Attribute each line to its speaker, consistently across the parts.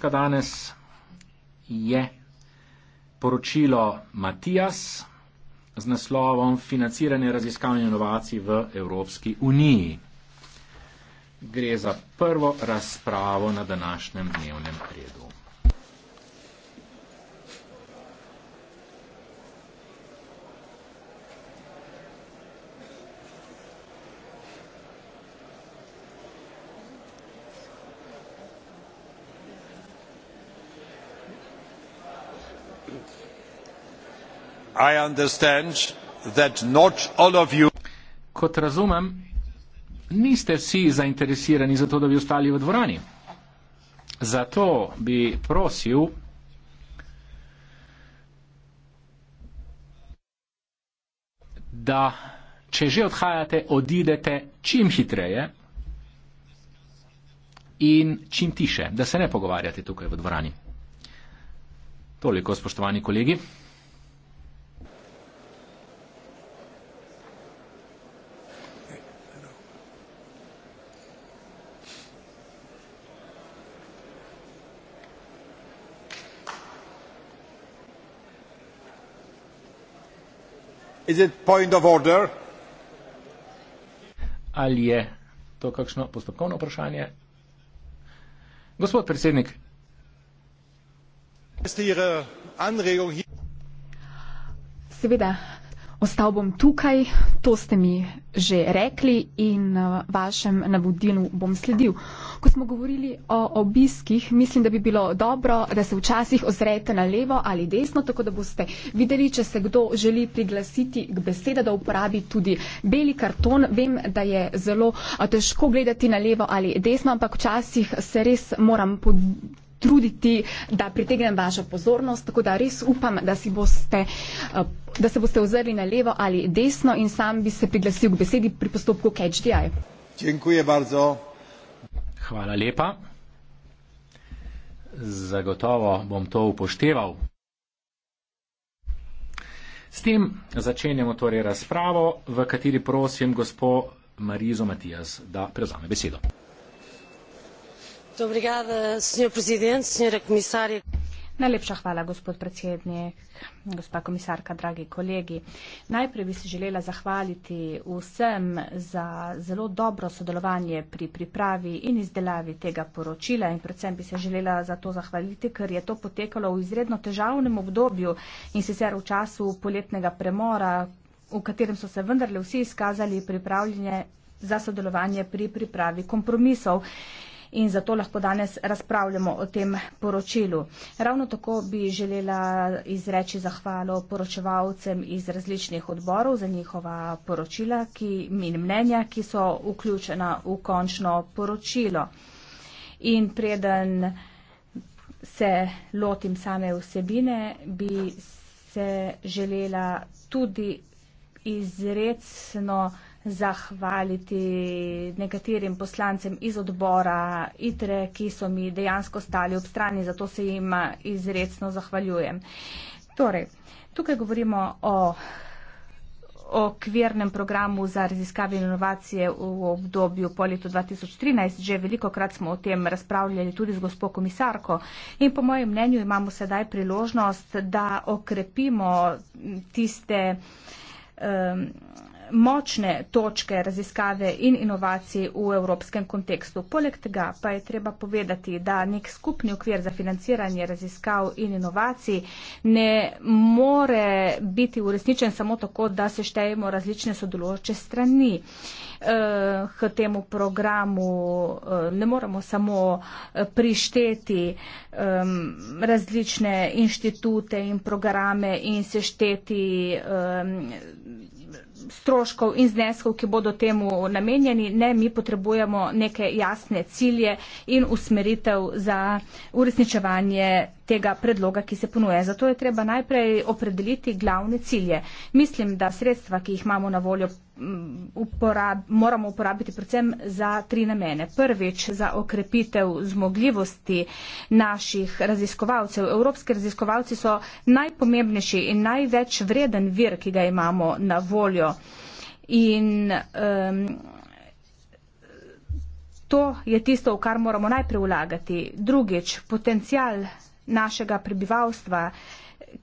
Speaker 1: točka danes je poročilo Matijas z naslovom Financiranje raziskav in inovacij v Evropski uniji. Gre za prvo razpravo na današnjem dnevnem redu. Kot razumem, niste vsi zainteresirani za to, da bi ostali v dvorani. Zato bi prosil, da če že odhajate, odidete čim hitreje in čim tiše, da se ne pogovarjate tukaj v dvorani. Toliko, spoštovani kolegi. Ali je to kakšno postopkovno vprašanje? Gospod predsednik. Eh,
Speaker 2: Seveda, ostal bom tukaj, to ste mi že rekli in eh, vašem navodilu bom sledil. Ko smo govorili o obiskih, mislim, da bi bilo dobro, da se včasih ozrete na levo ali desno, tako da boste videli, če se kdo želi priglasiti k besede, da uporabi tudi beli karton. Vem, da je zelo eh, težko gledati na levo ali desno, ampak včasih se res moram truditi, da pritegnem vašo pozornost, tako da res upam, da si boste. Eh, da se boste ozrli na levo ali desno, in sam bi se priglasil k besedi pri postopku KHDI.
Speaker 1: Hvala lepa. Zagotovo bom to upošteval. S tem začenjamo torej razpravo, v kateri prosim gospod Marizo Matijas, da prevzame besedo.
Speaker 3: Muito obrigada,
Speaker 1: Sr. Presidente, Sra. Comissária. Najlepša
Speaker 4: hvala, gospod predsednik, gospa komisarka, dragi kolegi. Najprej bi se želela zahvaliti vsem za zelo dobro sodelovanje pri pripravi in izdelavi tega poročila in predvsem bi se želela za to zahvaliti, ker je to potekalo v izredno težavnem obdobju in sicer v času poletnega premora, v katerem so se vendarle vsi izkazali pripravljenje za sodelovanje pri pripravi kompromisov in zato lahko danes razpravljamo o tem poročilu. Ravno tako bi želela izreči zahvalo poročevalcem iz različnih odborov za njihova poročila ki, in mnenja, ki so vključena v končno poročilo. In preden se lotim same vsebine, bi se želela tudi izrecno zahvaliti nekaterim poslancem iz odbora ITRE, ki so mi dejansko stali ob strani, zato se jim izredno zahvaljujem. Torej, tukaj govorimo o okvirnem programu za raziskave in inovacije v obdobju po letu 2013. Že veliko krat smo o tem razpravljali tudi z gospo komisarko in po mojem mnenju imamo sedaj priložnost, da okrepimo tiste um, močne točke raziskave in inovacij v evropskem kontekstu. Poleg tega pa je treba povedati, da nek skupni okvir za financiranje raziskav in inovacij ne more biti uresničen samo tako, da se štejemo različne sodeločne strani eh, k temu programu. Eh, ne moramo samo eh, prišteti ehm, različne inštitute in programe in se šteti ehm, stroškov in zneskov, ki bodo temu namenjeni. Ne, mi potrebujemo neke jasne cilje in usmeritev za uresničevanje tega predloga, ki se ponuje. Zato je treba najprej opredeliti glavne cilje. Mislim, da sredstva, ki jih imamo na voljo, mm, uporab, moramo uporabiti predvsem za tri namene. Prvič, za okrepitev zmogljivosti naših raziskovalcev. Evropski raziskovalci so najpomembnejši in največ vreden vir, ki ga imamo na voljo. In, um, To je tisto, v kar moramo najprej vlagati. Drugič, potencial našega prebivalstva,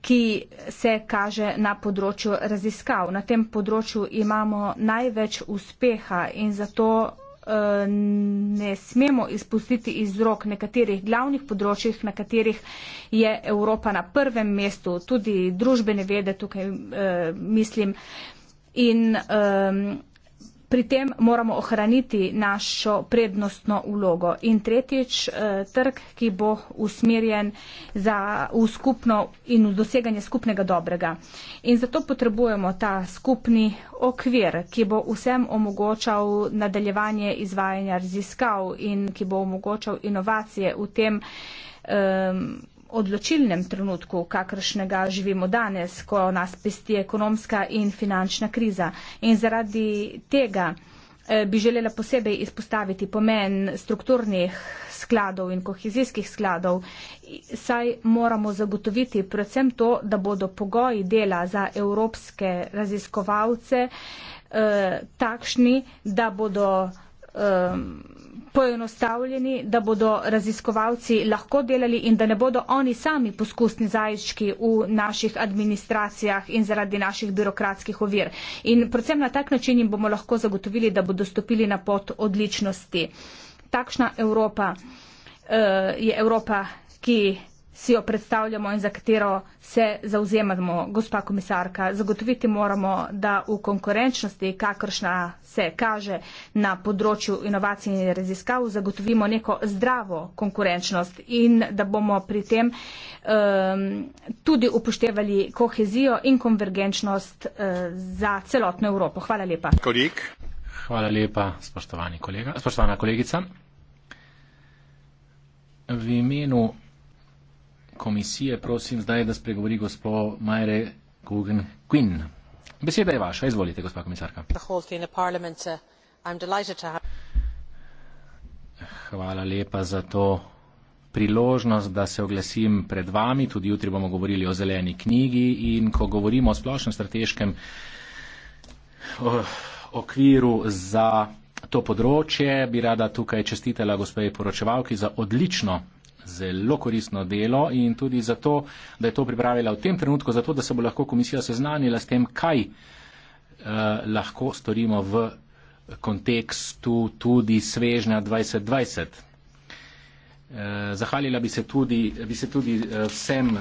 Speaker 4: ki se kaže na področju raziskav. Na tem področju imamo največ uspeha in zato eh, ne smemo izpustiti iz rok nekaterih glavnih področjih, na katerih je Evropa na prvem mestu, tudi družbene vede tukaj eh, mislim. In um, pri tem moramo ohraniti našo prednostno ulogo. In tretjič, eh, trg, ki bo usmerjen za, v skupno in v doseganje skupnega dobrega. In zato potrebujemo ta skupni okvir, ki bo vsem omogočal nadaljevanje izvajanja raziskav in ki bo omogočal inovacije v tem um, odločilnem trenutku, kakršnega živimo danes, ko nas pesti ekonomska in finančna kriza. In zaradi tega eh, bi želela posebej izpostaviti pomen strukturnih skladov in kohezijskih skladov, saj moramo zagotoviti predvsem to, da bodo pogoji dela za evropske raziskovalce eh, takšni, da bodo eh, poenostavljeni, da bodo raziskovalci lahko delali in da ne bodo oni sami poskusni zajčki v naših administracijah in zaradi naših birokratskih ovir. In predvsem na tak način jim bomo lahko zagotovili, da bodo stopili na pot odličnosti. Takšna Evropa uh, je Evropa, ki si jo predstavljamo in za katero se zauzemamo, gospa komisarka. Zagotoviti moramo, da v konkurenčnosti, kakršna se kaže na področju inovacij in raziskav, zagotovimo neko zdravo konkurenčnost in da bomo pri tem um, tudi upoštevali kohezijo in konvergenčnost uh, za celotno Evropo. Hvala lepa.
Speaker 1: Kolik. Hvala lepa, spoštovani kolega. Spoštovana kolegica. V imenu komisije, prosim zdaj, da spregovori gospo Majre Guggen-Quinn. Beseda je vaša, izvolite, gospa komisarka. Uh, Hvala lepa za to priložnost, da se oglesim pred vami. Tudi jutri bomo govorili o zeleni knjigi in ko govorimo o splošnem strateškem okviru za to področje, bi rada tukaj čestitela gospe poročevalki za odlično zelo koristno delo in tudi zato, da je to pripravila v tem trenutku, zato da se bo lahko komisija seznanila s tem, kaj eh, lahko storimo v kontekstu tudi svežnja 2020. Eh, zahvalila bi se tudi, bi se tudi eh, vsem eh,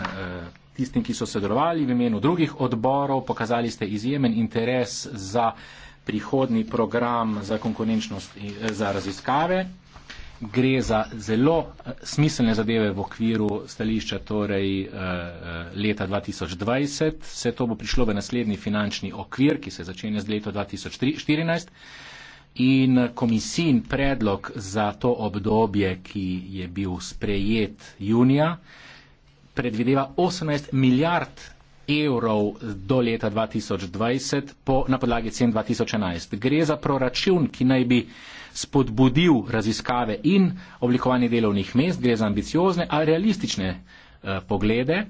Speaker 1: tistim, ki so sodelovali v imenu drugih odborov. Pokazali ste izjemen interes za prihodni program za konkurenčnost in eh, za raziskave gre za zelo eh, smiselne zadeve v okviru stališča torej, eh, eh, leta 2020. Vse to bo prišlo v naslednji finančni okvir, ki se začne z leto 2014. In komisijin predlog za to obdobje, ki je bil sprejet junija, predvideva 18 milijard evrov do leta 2020 po, na podlagi cen 2011. Gre za proračun, ki naj bi uh, spodbudil raziskave in oblikovanje delovnih mest, gre za ambiciozne, a realistične eh, poglede.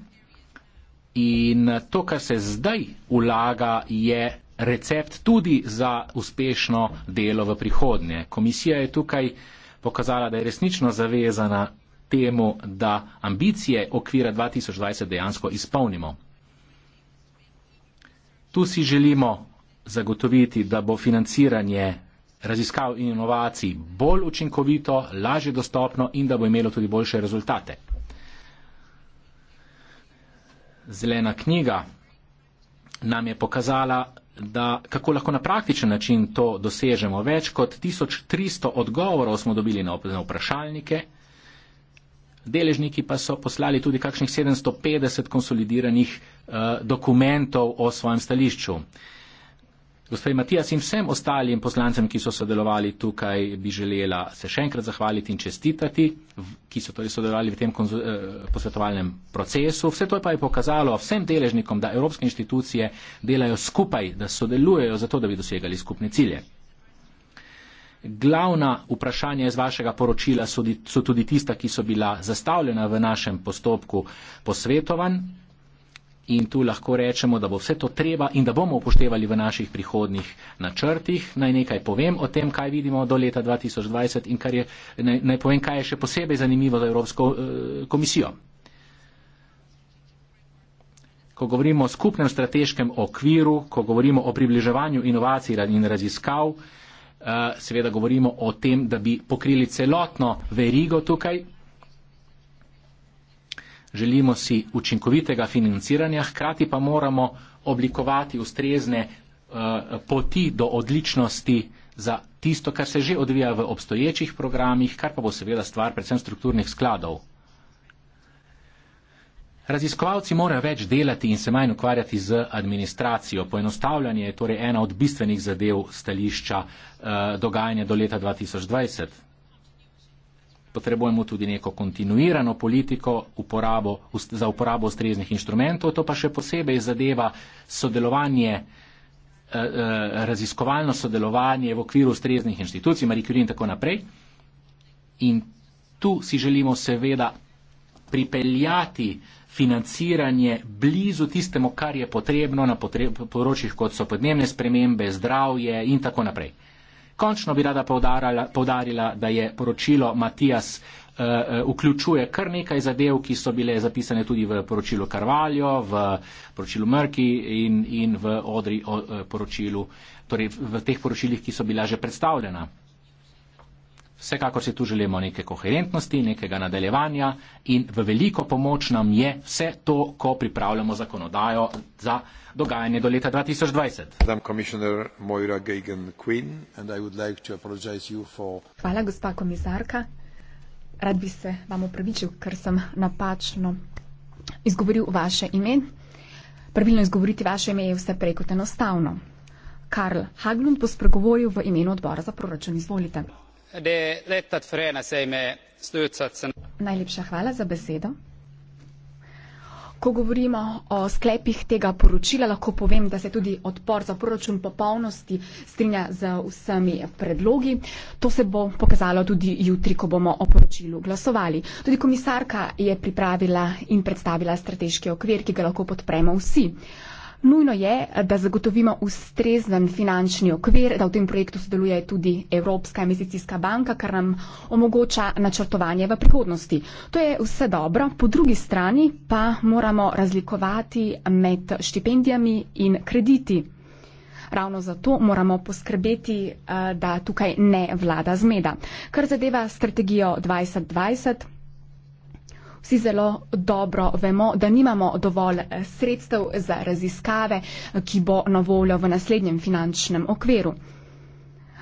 Speaker 1: In eh, to, kar se zdaj ulaga, je recept tudi za uspešno delo v prihodnje. Komisija je tukaj pokazala, da je resnično zavezana temu, da ambicije okvira 2020 dejansko izpolnimo. Tu si želimo zagotoviti, da bo financiranje raziskav in inovacij bolj učinkovito, lažje dostopno in da bo imelo tudi boljše rezultate. Zelena knjiga nam je pokazala, da kako lahko na praktičen način to dosežemo. Več kot 1300 odgovorov smo dobili na vprašalnike, deležniki pa so poslali tudi kakšnih 750 konsolidiranih eh, dokumentov o svojem stališču. Eh, Gospod Matijas in vsem ostalim poslancem, ki so sodelovali tukaj, bi želela se še enkrat zahvaliti in čestitati, ki so torej sodelovali v tem eh, posvetovalnem procesu. Vse to pa je pokazalo vsem deležnikom, da evropske inštitucije delajo skupaj, da sodelujejo zato, da bi dosegali skupne cilje. Glavna vprašanja iz vašega poročila so tudi tista, ki so bila zastavljena v našem postopku posvetovanj in tu lahko rečemo, da bo vse to treba in da bomo upoštevali v naših prihodnih načrtih. Naj nekaj povem o tem, kaj vidimo do leta 2020 in je, naj, naj povem, kaj je še posebej zanimivo za Evropsko eh, komisijo. Ko govorimo o skupnem strateškem okviru, ko govorimo o približevanju inovacij in raziskav, eh, seveda govorimo o tem, da bi pokrili celotno verigo tukaj Želimo si učinkovitega financiranja, hkrati pa moramo oblikovati ustrezne uh, poti do odličnosti za tisto, kar se že odvija v obstoječih programih, kar pa bo seveda stvar predvsem strukturnih skladov. Raziskovalci morajo več delati in se manj ukvarjati z administracijo. Poenostavljanje je torej ena od bistvenih zadev stališča uh, dogajanja do leta 2020 potrebujemo tudi neko kontinuirano politiko uporabo, za uporabo ustreznih inštrumentov. To pa še posebej zadeva sodelovanje, eh, eh, raziskovalno sodelovanje v okviru ustreznih inštitucij, Marie Curie in tako naprej. In tu si želimo seveda pripeljati financiranje blizu tistemu, kar je potrebno na potre področjih, kot so podnebne spremembe, zdravje in tako naprej. Končno bi rada povdarila, da je poročilo Matijas eh, eh, vključuje kar nekaj zadev, ki so bile zapisane tudi v poročilu Karvaljo, v poročilu Mrki in, in v odri eh, poročilu, torej v teh poročilih, ki so bila že predstavljena. Vsekakor si tu želimo neke koherentnosti, nekega nadaljevanja in v veliko pomoč nam je vse to, ko pripravljamo zakonodajo za dogajanje do leta 2020. For...
Speaker 2: Hvala, gospa komisarka. Rad bi se vam opravičil, ker sem napačno izgovoril vaše ime. Pravilno izgovoriti vaše ime je vse prej kot enostavno. Karl Haglund bo spregovoril v imenu odbora za proračun. Izvolite. Najlepša hvala za besedo. Ko govorimo o sklepih tega poročila, lahko povem, da se tudi odpor za proračun popolnosti strinja z vsemi predlogi. To se bo pokazalo tudi jutri, ko bomo o poročilu glasovali. Tudi komisarka je pripravila in predstavila strateški okvir, ki ga lahko podpremo vsi. Nujno je, da zagotovimo ustrezen finančni okvir, da v tem projektu sodeluje tudi Evropska investicijska banka, kar nam omogoča načrtovanje v prihodnosti. To je vse dobro, po drugi strani pa moramo razlikovati med štipendijami in krediti. Ravno zato moramo poskrbeti, eh, da tukaj ne vlada zmeda. Kar zadeva strategijo 2020, vsi zelo dobro vemo, da nimamo dovolj eh, sredstev za raziskave, eh, ki bo na voljo v naslednjem finančnem okviru.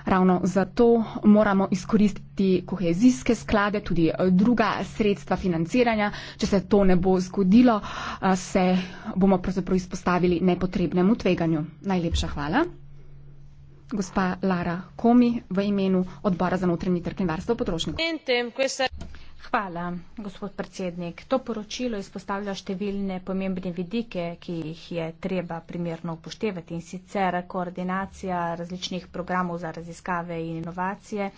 Speaker 2: Ravno zato moramo izkoristiti kohezijske sklade, tudi eh, druga sredstva financiranja. Če se to ne bo zgodilo, se bomo pravzaprav izpostavili nepotrebnemu tveganju. Najlepša hvala. Gospa Lara Komi v imenu odbora za notranji trg in varstvo potrošnikov.
Speaker 4: Hvala, gospod predsednik. To poročilo izpostavlja številne pomembne vidike, ki jih je treba primerno upoštevati in sicer koordinacija različnih programov za raziskave in inovacije,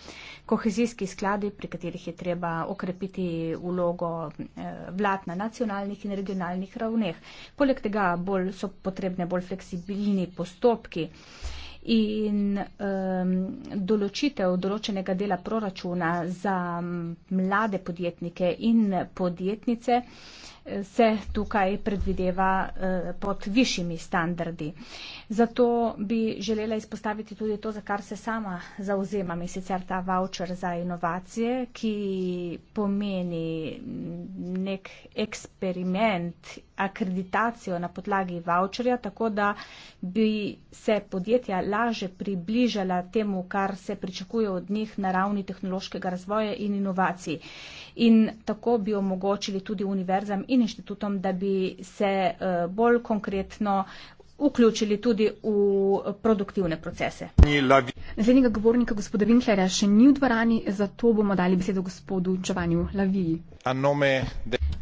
Speaker 4: kohezijski skladi, pri katerih je treba okrepiti ulogo eh, vlad na nacionalnih in regionalnih ravneh. Poleg tega bolj so potrebne bolj fleksibilni postopki in um, določitev določenega dela proračuna za mm, mlade podjetnike in podjetnice uh, se tukaj predvideva eh, pod višjimi standardi. Zato bi želela izpostaviti tudi to, za kar se sama zauzemam, in sicer ta voucher za inovacije, ki pomeni nek eksperiment, akreditacijo na podlagi voucherja, tako da bi se podjetja laže približala temu, kar se pričakuje od njih na ravni tehnološkega razvoja in inovacij. In tako bi omogočili tudi univerzam in in inštitutom, da bi se eh, bolj konkretno vključili tudi
Speaker 2: v produktivne procese. Zadnjega govornika, gospoda Winklera, še ni v dvorani, zato bomo dali besedo gospodu Čovanju Laviji.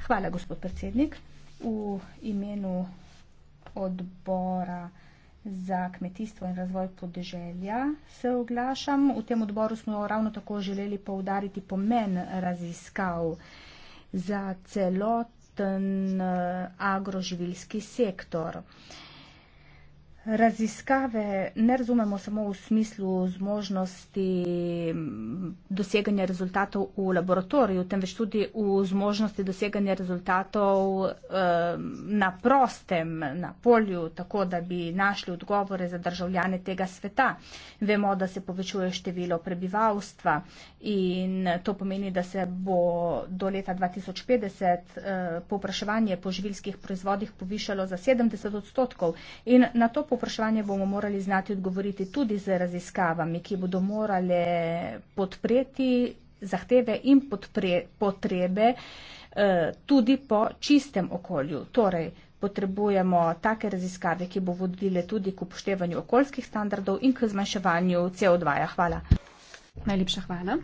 Speaker 2: Hvala, gospod predsednik. V imenu odbora
Speaker 4: za kmetijstvo in razvoj podeželja se oglašam. V tem odboru smo ravno tako želeli poudariti pomen raziskav za celot celoten eh, agroživilski sektor. Raziskave ne razumemo samo v smislu zmožnosti doseganja rezultatov v laboratoriju, temveč tudi v zmožnosti doseganja rezultatov na prostem, na polju, tako da bi našli odgovore za državljane tega sveta. Vemo, da se povečuje število prebivalstva in to pomeni, da se bo do leta 2050 eh, popraševanje po živilskih proizvodih povišalo za 70 odstotkov in na to povečuje vprašanje bomo morali znati odgovoriti tudi z raziskavami, ki bodo morale podpreti zahteve in podpre, potrebe eh, tudi po čistem okolju. Torej, potrebujemo take raziskave, ki bo vodile tudi k upoštevanju okoljskih standardov in k zmanjševanju CO2. -ja. Hvala. Najlepša hvala.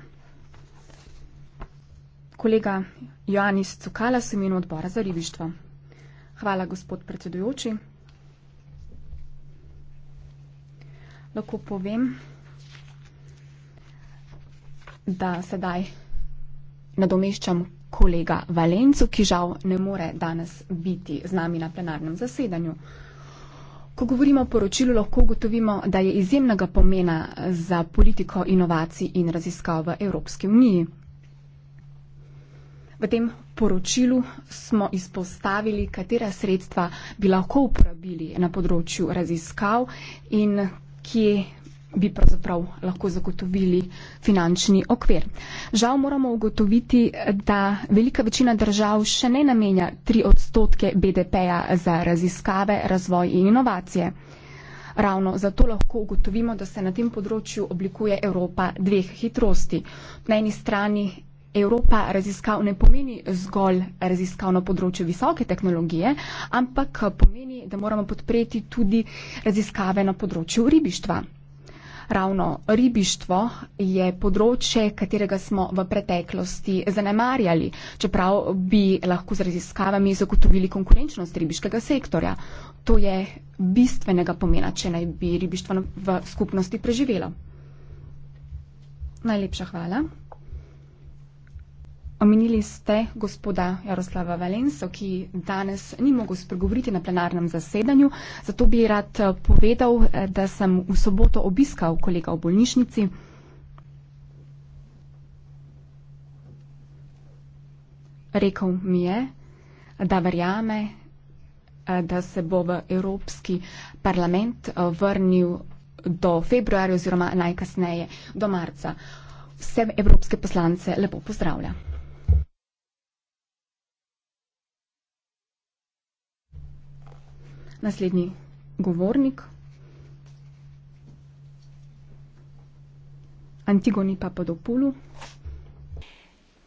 Speaker 2: Kolega Joanis Cukala, semen odbora za ribištvo. Hvala, gospod predsedujoči. lahko povem, da sedaj nadomeščam kolega Valencu, ki žal ne more danes biti z nami na plenarnem zasedanju. Ko govorimo o poročilu, lahko ugotovimo, da je izjemnega pomena za politiko inovacij in raziskav v Evropski uniji. V tem poročilu smo izpostavili, katera sredstva bi lahko uporabili na področju raziskav in kje bi pravzaprav lahko zagotovili finančni okvir. Žal moramo ugotoviti, da velika večina držav še ne namenja tri odstotke BDP-ja za raziskave, razvoj in inovacije. Ravno zato lahko ugotovimo, da se na tem področju oblikuje Evropa dveh hitrosti. Na eni strani Evropa raziskav ne pomeni zgolj raziskav na področju visoke tehnologije, ampak pomeni, da moramo podpreti tudi raziskave na področju ribištva. Ravno ribištvo je področje, katerega smo v preteklosti zanemarjali, čeprav bi lahko z raziskavami zagotovili konkurenčnost ribiškega sektorja. To je bistvenega pomena, če naj bi ribištvo v skupnosti preživelo. Najlepša hvala. Omenili ste gospoda Jaroslava Valenso, ki danes ni mogel spregovoriti na plenarnem zasedanju, zato bi rad eh, povedal, eh, da sem v soboto obiskal kolega v bolnišnici. Rekel mi je, da verjame, eh, da se bo v Evropski parlament vrnil do februarja oziroma najkasneje do marca. Vse evropske poslance lepo pozdravljam. Naslednji govornik. Antigoni Παπαδοπούλου.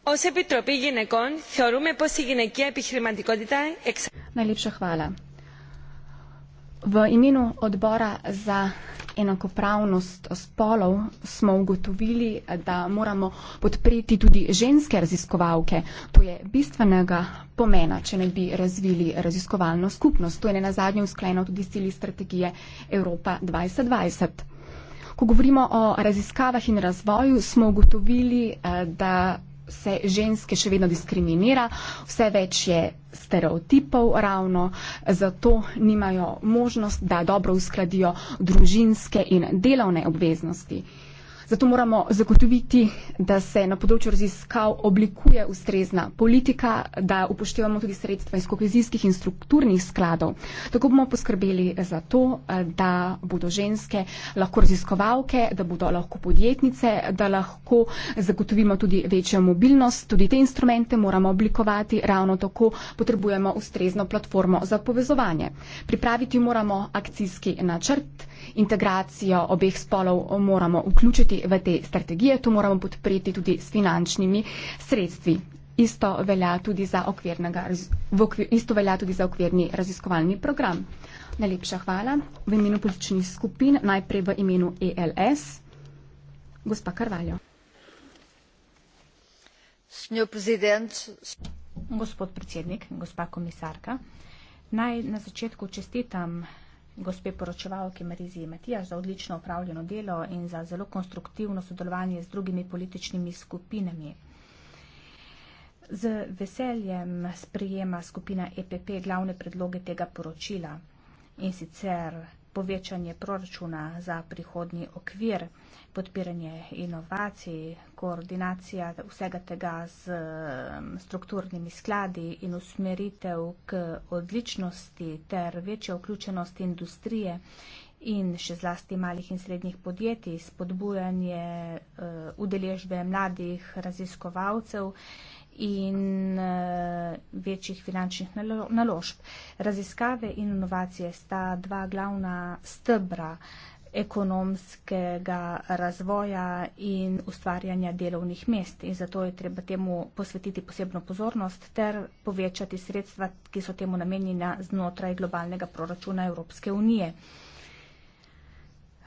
Speaker 3: Όσοι επιτροπή γυναικών θεωρούμε πως η γυναική επιχειρηματικότητα εξ...
Speaker 2: Najlepša hvala. V imenu odbora za enakopravnost spolov, smo ugotovili, da moramo podpreti tudi ženske raziskovalke. To je bistvenega pomena, če ne bi razvili raziskovalno skupnost. To je ne na zadnje uskleno tudi s cilji strategije Evropa 2020. Ko govorimo o raziskavah in razvoju, smo ugotovili, eh, da se ženske še vedno diskriminira, vse več je stereotipov ravno, zato nimajo možnost, da dobro uskladijo družinske in delovne obveznosti. Zato moramo zagotoviti, da se na področju raziskav oblikuje ustrezna politika, da upoštevamo tudi sredstva iz kohezijskih in strukturnih skladov. Tako bomo poskrbeli za to, da bodo ženske lahko raziskovalke, da bodo lahko podjetnice, da lahko zagotovimo tudi večjo mobilnost. Tudi te instrumente moramo oblikovati, ravno tako potrebujemo ustrezno platformo za povezovanje. Pripraviti moramo akcijski načrt integracijo obeh spolov moramo vključiti v te strategije, to moramo podpreti tudi s finančnimi sredstvi. Isto velja tudi za, okvir, isto velja tudi za okvirni raziskovalni program. Najlepša hvala. V imenu političnih skupin, najprej v imenu ELS, gospa Karvaljo.
Speaker 4: Gospod predsednik, gospa komisarka, naj na začetku čestitam gospe poročevalke Marizi Matija za odlično upravljeno delo in za zelo konstruktivno sodelovanje z drugimi političnimi skupinami. Z veseljem sprijema skupina EPP glavne predloge tega poročila in sicer povečanje proračuna za prihodni okvir podpiranje inovacij, koordinacija vsega tega z strukturnimi skladi in usmeritev k odličnosti ter večjo vključenost industrije in še zlasti malih in srednjih podjetij, spodbujanje eh, udeležbe mladih raziskovalcev in eh, večjih finančnih naložb. Raziskave in inovacije sta dva glavna stebra ekonomskega razvoja in ustvarjanja delovnih mest. In zato je treba temu posvetiti posebno pozornost ter povečati sredstva, ki so temu namenjena znotraj globalnega proračuna Evropske unije.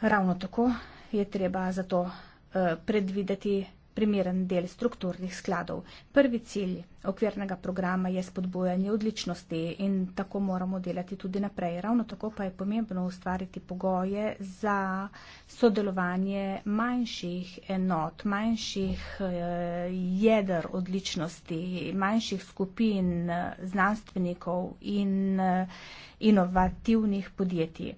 Speaker 4: Ravno tako je treba zato eh, predvideti primeren del strukturnih skladov. Prvi cilj okvirnega programa je spodbojanje odličnosti in tako moramo delati tudi naprej. Ravno tako pa je pomembno ustvariti pogoje za sodelovanje manjših enot, manjših eh, jedr odličnosti, manjših skupin eh, znanstvenikov in eh, inovativnih podjetij.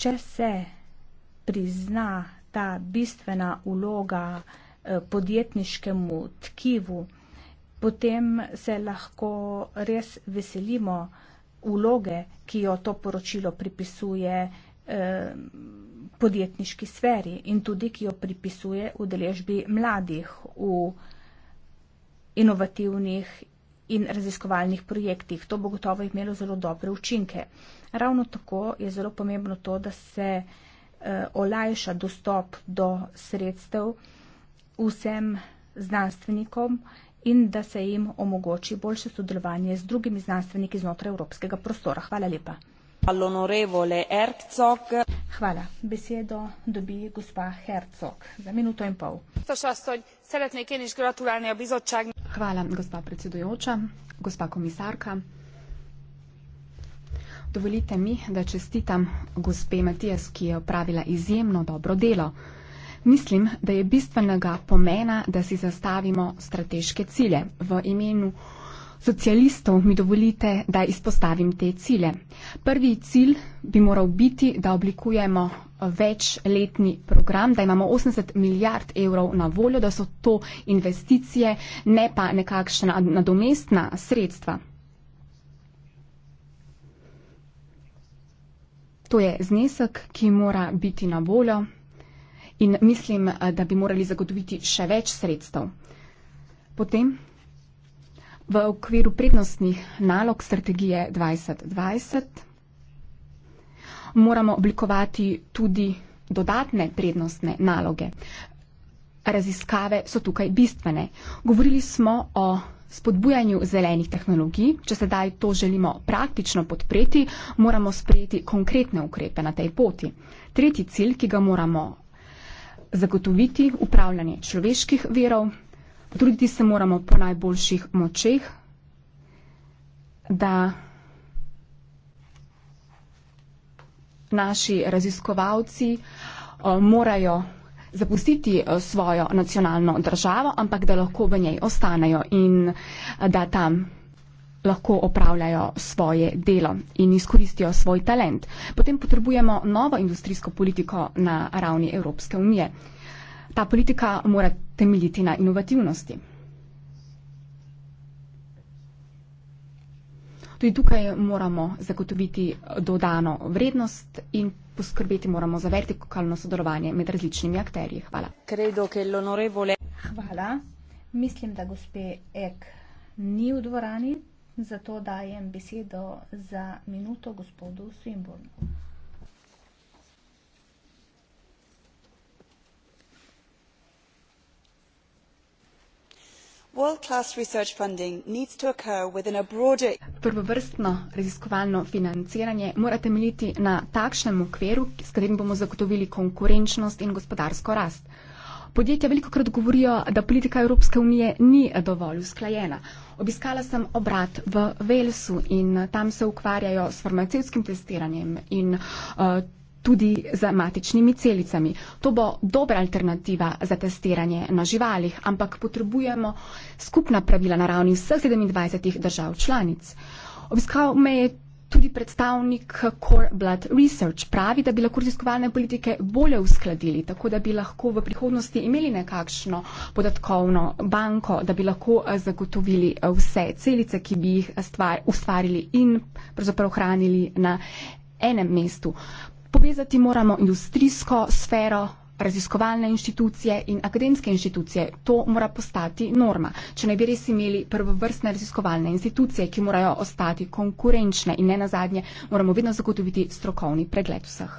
Speaker 4: Če se prizna ta bistvena vloga eh, podjetniškemu tkivu, potem se lahko res veselimo vloge, ki jo to poročilo pripisuje eh, podjetniški sferi in tudi, ki jo pripisuje v deležbi mladih v inovativnih in raziskovalnih projektih. To bo gotovo imelo zelo dobre učinke. Ravno tako je zelo pomembno to, da se Eh, olajša dostop do sredstev vsem znanstvenikom in da se jim omogoči boljše sodelovanje z drugimi znanstveniki znotraj evropskega prostora. Hvala lepa. Hvala. Besedo dobi gospa Hercog za minuto in
Speaker 2: pol. Hvala, gospa predsedujoča, gospa komisarka. Dovolite mi, da čestitam gospe Matijas, ki je opravila izjemno dobro delo. Mislim, da je bistvenega pomena, da si zastavimo strateške cilje. V imenu socialistov mi dovolite, da izpostavim te cilje. Prvi cilj bi moral biti, da oblikujemo večletni program, da imamo 80 milijard evrov na voljo, da so to investicije, ne pa nekakšna nadomestna sredstva. To je znesek, ki mora biti na voljo in mislim, da bi morali zagotoviti še več sredstev. Potem v okviru prednostnih nalog strategije 2020 moramo oblikovati tudi dodatne prednostne naloge. Raziskave so tukaj bistvene. Govorili smo o spodbujanju zelenih tehnologij, če sedaj to želimo praktično podpreti, moramo sprejeti konkretne ukrepe na tej poti. Tretji cilj, ki ga moramo zagotoviti, upravljanje človeških verov, truditi se moramo po najboljših močeh, da naši raziskovalci o, eh, morajo zapustiti eh, svojo nacionalno državo, ampak da lahko v njej ostanejo in eh, da tam lahko opravljajo svoje delo in izkoristijo svoj talent. Potem potrebujemo novo industrijsko politiko na ravni Evropske unije. Ta politika mora temeljiti na inovativnosti. Tudi tukaj moramo zagotoviti dodano vrednost in poskrbeti moramo za vertikalno sodelovanje med različnimi akterji. Hvala.
Speaker 4: Hvala. Mislim, da gospe Ek ni v dvorani, zato dajem besedo za minuto gospodu Svinbornu.
Speaker 2: Prvovrstno raziskovalno financiranje mora temeljiti na takšnem okviru, s katerim bomo zagotovili konkurenčnost in gospodarsko rast. Podjetja veliko krat govorijo, da politika Evropske unije ni dovolj usklajena. Obiskala sem obrat v Velsu in tam se ukvarjajo s farmacevskim testiranjem in uh, tudi z matičnimi celicami. To bo dobra alternativa za testiranje na živalih, ampak potrebujemo skupna pravila na ravni vseh 27 držav članic. Obiskal me je tudi predstavnik Core Blood Research. Pravi, da bi lahko raziskovalne politike bolje uskladili, tako da bi lahko v prihodnosti imeli nekakšno podatkovno banko, da bi lahko eh, zagotovili eh, vse celice, ki bi jih stvar, ustvarili in pravzaprav hranili na enem mestu. Povezati moramo industrijsko sfero, raziskovalne inštitucije in akademske inštitucije. To mora postati norma. Če ne bi res imeli prvovrstne raziskovalne institucije, ki morajo ostati konkurenčne in ne nazadnje, moramo vedno zagotoviti strokovni pregled vseh.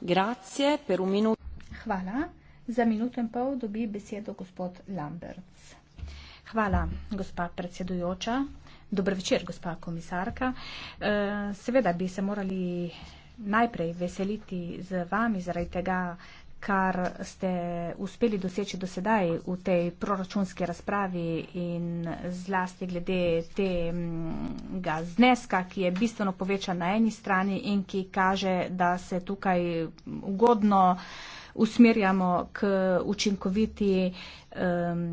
Speaker 3: Grazie per un minuto.
Speaker 4: Hvala. Za minuto in pol dobi besedo gospod Lamberts. Hvala, gospa predsedujoča. Dober večer, gospa komisarka. Eh, seveda bi se morali najprej veseliti z vami zaradi tega, kar ste uspeli doseči do sedaj v tej proračunski razpravi in zlasti glede tega zneska, ki je bistveno povečan na eni strani in ki kaže, da se tukaj ugodno usmerjamo k učinkoviti um,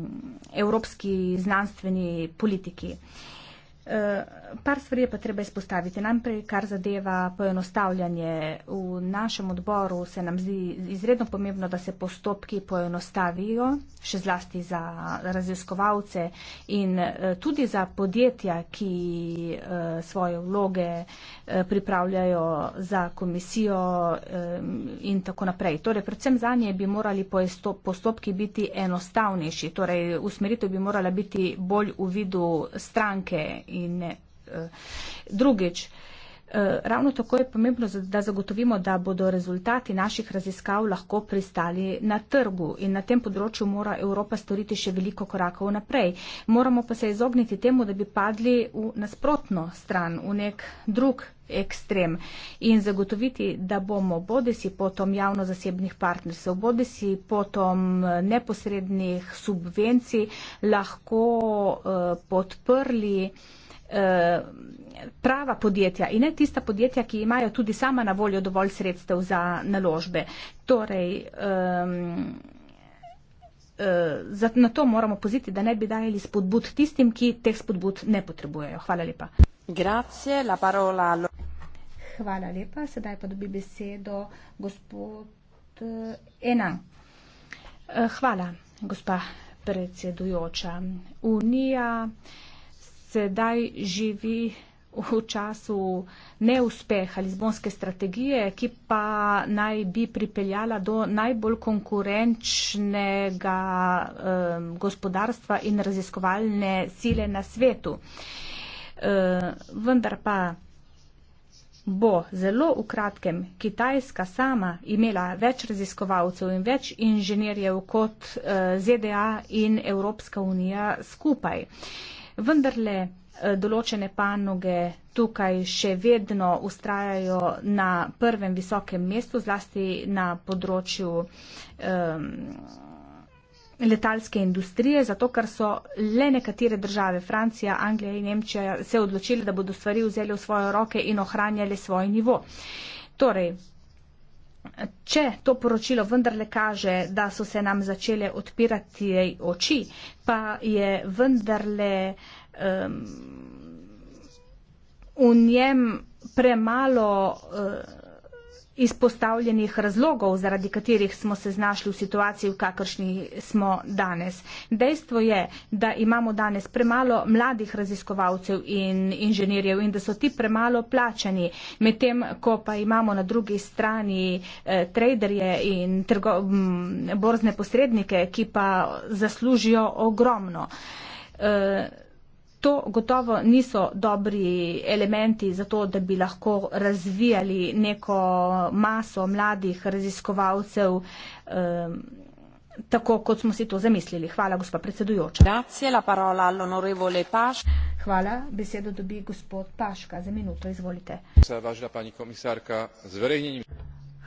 Speaker 4: evropski znanstveni politiki. Uh, Eh, par stvari je pa treba izpostaviti. Najprej, kar zadeva poenostavljanje. V našem odboru se nam zdi izredno pomembno, da se postopki poenostavijo, še zlasti za raziskovalce in eh, tudi za podjetja, ki eh, svoje vloge pripravljajo za komisijo in tako naprej. Torej, predvsem za nje bi morali postopki biti enostavnejši, torej usmeritev bi morala biti bolj v vidu stranke in ne. E, drugič, e, ravno tako je pomembno, da zagotovimo, da bodo rezultati naših raziskav lahko pristali na trgu in na tem področju mora Evropa storiti še veliko korakov naprej. Moramo pa se izogniti temu, da bi padli v nasprotno stran, v nek drug ekstrem in zagotoviti, da bomo bodi si potom javno-zasebnih partnerstv, bodi si potom e, neposrednih subvencij lahko uh, podprli uh, Eh, prava podjetja in ne tista podjetja, ki imajo tudi sama na voljo dovolj sredstev za naložbe. Torej, um, Na to moramo poziti, da ne bi dajali
Speaker 3: spodbud tistim,
Speaker 4: ki teh spodbud ne potrebujejo. Hvala lepa.
Speaker 3: Grazie, la parola.
Speaker 4: Hvala lepa. Sedaj pa dobi besedo gospod eh, Enan. Hvala, gospa predsedujoča. Unija sedaj živi v času neuspeha Lizbonske strategije, ki pa naj bi pripeljala do najbolj konkurenčnega um, gospodarstva in raziskovalne sile na svetu. Um, vendar pa bo zelo v kratkem Kitajska sama imela več raziskovalcev in več inženirjev kot uh, eh, ZDA in Evropska unija skupaj. Uh, vendarle eh, določene panoge tukaj še vedno ustrajajo na prvem visokem mestu, zlasti na področju um, letalske industrije, zato ker so le nekatere države, Francija, Anglija in Nemčija, se odločili, da bodo stvari vzeli v svoje roke in ohranjali svoj nivo. Torej, če to poročilo vendarle kaže, da so se nam začele odpirati oči, pa je vendarle um, v njem premalo. Uh, izpostavljenih razlogov, zaradi katerih smo se znašli v situaciji, v kakršni smo danes. Dejstvo je, da imamo danes premalo mladih raziskovalcev in inženirjev in da so ti premalo plačani, medtem ko pa imamo na drugi strani eh, traderje in trgo, m, borzne posrednike, ki pa zaslužijo ogromno. Eh, To gotovo niso dobri elementi za to, da bi lahko razvijali neko maso mladih raziskovalcev ehm, tako, kot smo si to zamislili. Hvala, gospod predsedujoča. Hvala. Besedo dobi gospod Paška. Za minuto izvolite.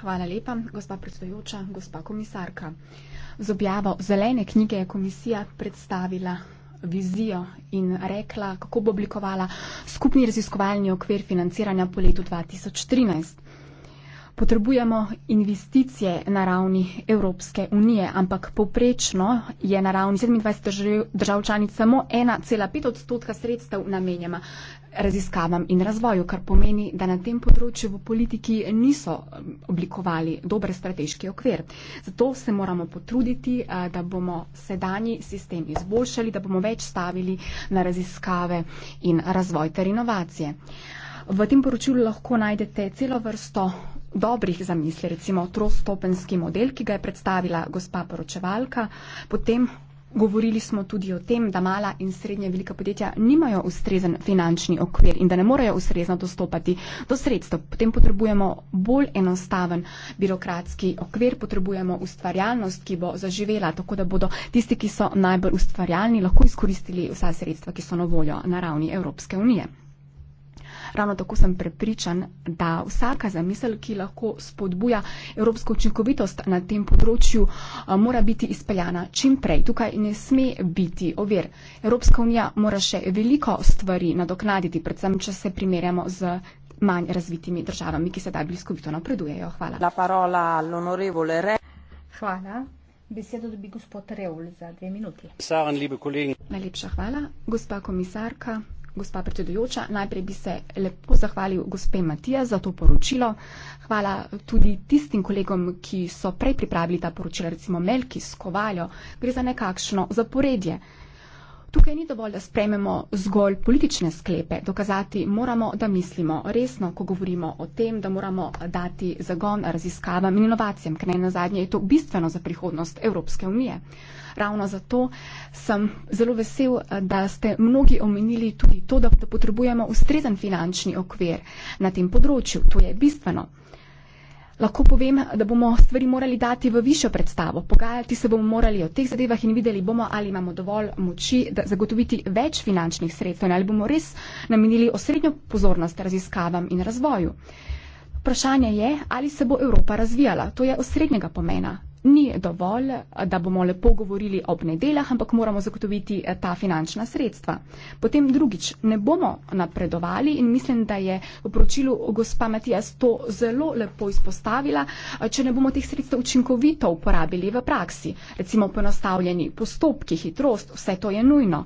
Speaker 2: Hvala lepa, gospa predsedujoča, gospa komisarka. Z objavo zelene knjige je komisija predstavila vizijo in rekla, kako bo oblikovala skupni raziskovalni okvir financiranja po letu 2013 potrebujemo investicije na ravni Evropske unije, ampak poprečno je na ravni 27 držav članic samo 1,5 odstotka sredstev namenjena raziskavam in razvoju, kar pomeni, da na tem področju v politiki niso um, oblikovali dobre strateški okvir. Zato se moramo potruditi, uh, da bomo sedanji sistem izboljšali, da bomo več stavili na raziskave in razvoj ter inovacije. V tem poročilu lahko najdete celo vrsto dobrih zamisli, recimo trostopenski model, ki ga je predstavila gospa poročevalka, potem Govorili smo tudi o tem, da mala in srednje velika podjetja nimajo ustrezen finančni okvir in da ne morejo ustrezno dostopati do sredstev. Potem potrebujemo bolj enostaven birokratski okvir, potrebujemo ustvarjalnost, ki bo zaživela, tako da bodo tisti, ki so najbolj ustvarjalni, lahko izkoristili vsa sredstva, ki so na voljo na ravni Evropske unije. Ravno tako sem prepričan, da vsaka zamisel, ki lahko spodbuja evropsko učinkovitost na tem področju, eh, mora biti izpeljana čim prej. Tukaj ne sme biti ovir. Evropska unija mora še veliko stvari nadoknaditi, predvsem, če se primerjamo z manj razvitimi državami, ki sedaj bliskovito napredujejo. Hvala.
Speaker 3: La parola all'onorevole Re.
Speaker 2: Hvala. Besedo dobi gospod Reul za dve minuti. Najlepša hvala. Gospa komisarka, gospa predsedujoča, najprej bi se lepo zahvalil gospe Matija za to poročilo. Hvala tudi tistim kolegom, ki so prej pripravili ta poročila, recimo Melki s Kovaljo. Gre za nekakšno zaporedje. Tukaj ni dovolj, da sprememo zgolj politične sklepe. Dokazati moramo, da mislimo resno, ko govorimo o tem, da moramo dati zagon raziskavam in inovacijam, ker naj na zadnje je to bistveno za prihodnost Evropske unije. Ravno zato sem zelo vesel, da ste mnogi omenili tudi to, da potrebujemo ustrezen finančni okvir na tem področju. To je bistveno. Lahko povem, da bomo stvari morali dati v višjo predstavo, pogajati se bomo morali o teh zadevah in videli bomo, ali imamo dovolj moči, da zagotoviti več finančnih sredstev in ali bomo res namenili osrednjo pozornost raziskavam in razvoju. Vprašanje je, ali se bo Evropa razvijala. To je osrednjega pomena ni dovolj, da bomo lepo govorili ob nedeljah, ampak moramo zagotoviti eh, ta finančna sredstva. Potem drugič, ne bomo napredovali in mislim, da je v poročilu gospa Matijas to zelo lepo izpostavila, eh, če ne bomo teh sredstev učinkovito uporabili v praksi. Recimo ponostavljeni postopki, hitrost, vse to je nujno.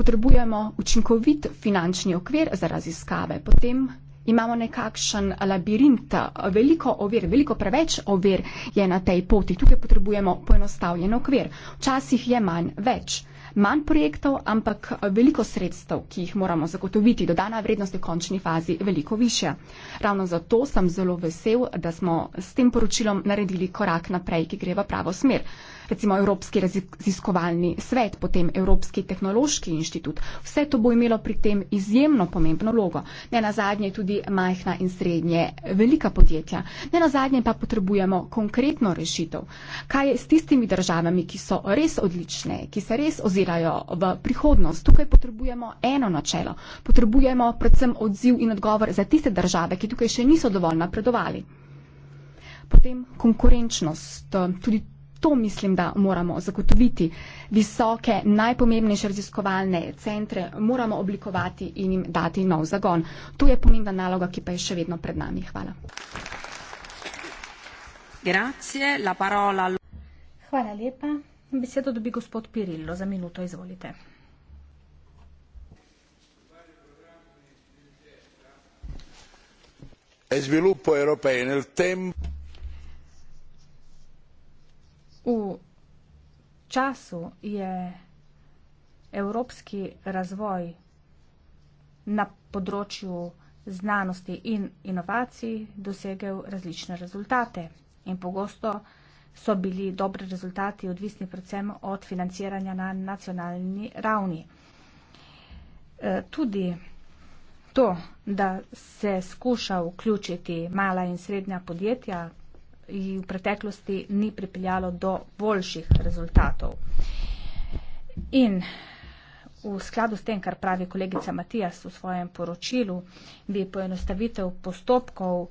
Speaker 2: Potrebujemo učinkovit finančni okvir za raziskave, potem imamo nekakšen labirint, veliko ovir, veliko preveč ovir je na tej poti. Tukaj potrebujemo poenostavljen okvir. Včasih je manj več. Manj projektov, ampak veliko sredstev, ki jih moramo zagotoviti, dodana vrednost v končni fazi veliko više. Ravno zato sem zelo vesel, da smo s tem poročilom naredili korak naprej, ki gre v pravo smer recimo Evropski raziskovalni svet, potem Evropski tehnološki inštitut. Vse to bo imelo pri tem izjemno pomembno vlogo. Ne na zadnje tudi majhna in srednje velika podjetja. Ne na zadnje pa potrebujemo konkretno rešitev. Kaj je s tistimi državami, ki so res odlične, ki se res ozirajo v prihodnost? Tukaj potrebujemo eno načelo. Potrebujemo predvsem odziv in odgovor za tiste države, ki tukaj še niso dovolj napredovali. Potem konkurenčnost. Tudi To mislim, da moramo zagotoviti. Visoke, najpomembnejše raziskovalne centre moramo oblikovati in jim dati nov zagon. To je pomembna naloga, ki pa je še vedno pred nami. Hvala.
Speaker 3: Grazie, la parola...
Speaker 2: Hvala
Speaker 4: lepa. Besedo dobi gospod Pirillo. Za minuto izvolite.
Speaker 1: E sviluppo europeo nel tempo.
Speaker 4: V času je evropski razvoj na področju znanosti in inovacij dosegel različne rezultate in pogosto so bili dobri rezultati odvisni predvsem od financiranja na nacionalni ravni. E, tudi to, da se skuša vključiti mala in srednja podjetja, jih v preteklosti ni pripeljalo do boljših rezultatov. In v skladu s tem, kar pravi kolegica Matijas v svojem poročilu, bi poenostavitev postopkov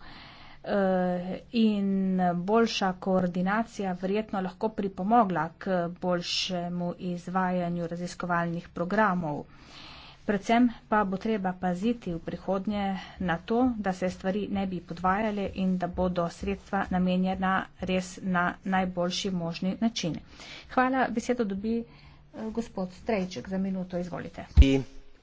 Speaker 4: eh, in boljša koordinacija verjetno lahko pripomogla k boljšemu izvajanju raziskovalnih programov. Predvsem pa bo treba paziti v prihodnje na to, da se stvari ne bi podvajale in da bodo sredstva namenjena res na najboljši možni način. Hvala, besedo dobi eh, gospod Strejček za minuto,
Speaker 5: izvolite. Hvala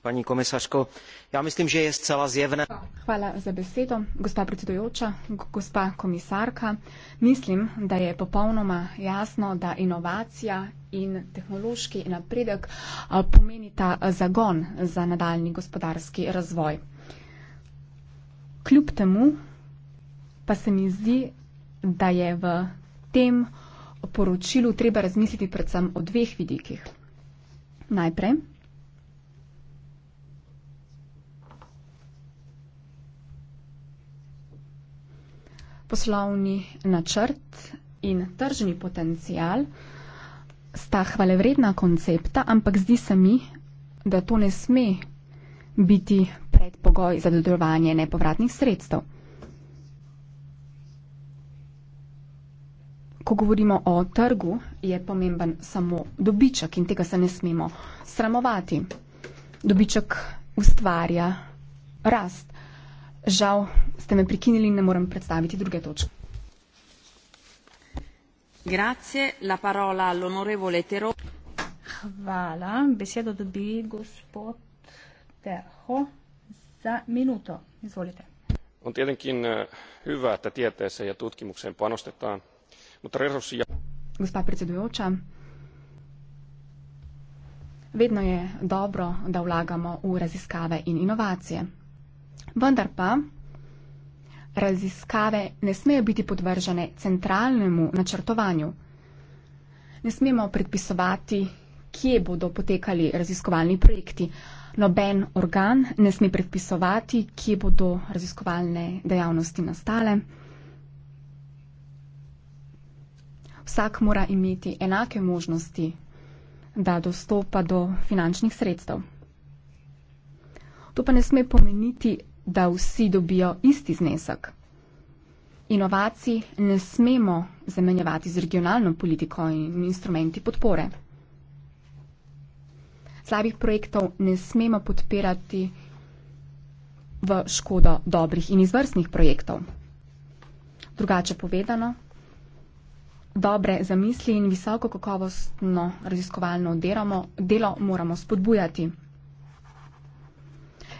Speaker 5: paní komisařko já myslím že je zcela zjevné
Speaker 2: Hvala za besedo, gospa predsedujoča, gospa komisarka. Mislim, da je popolnoma jasno, da inovacija in tehnološki napredek pomenita zagon za nadaljni gospodarski razvoj. Kljub temu pa se mi zdi, da je v tem poročilu treba razmisliti predvsem o dveh vidikih. Najprej poslovni načrt in tržni potencial sta hvalevredna koncepta, ampak zdi se mi, da to ne sme biti predpogoj za dodelovanje nepovratnih sredstev. Ko govorimo o trgu, je pomemben samo dobiček in tega se ne smemo sramovati. Dobiček ustvarja rast. Žal ste me prekinili in ne morem predstaviti druge točke.
Speaker 3: Hvala. Besedo dobi
Speaker 4: gospod Terho za minuto. Izvolite.
Speaker 1: On tietenkin eh, hyvä, että tieteeseen ja tutkimukseen panostetaan, mutta resurssia...
Speaker 2: Gospa predsedujoča, vedno je dobro, da vlagamo v raziskave in inovacije. Vendar pa raziskave ne smejo biti podvržene centralnemu načrtovanju. Ne smemo predpisovati, kje bodo potekali raziskovalni projekti. Noben organ ne sme predpisovati, kje bodo raziskovalne dejavnosti nastale. Vsak mora imeti enake možnosti, da dostopa do finančnih sredstev. To pa ne sme pomeniti da vsi dobijo isti znesek. Inovacij ne smemo zamenjevati z regionalno politiko in instrumenti podpore. Slabih projektov ne smemo podpirati v škodo dobrih in izvrstnih projektov. Drugače povedano, dobre zamisli in visoko kakovostno raziskovalno delo moramo spodbujati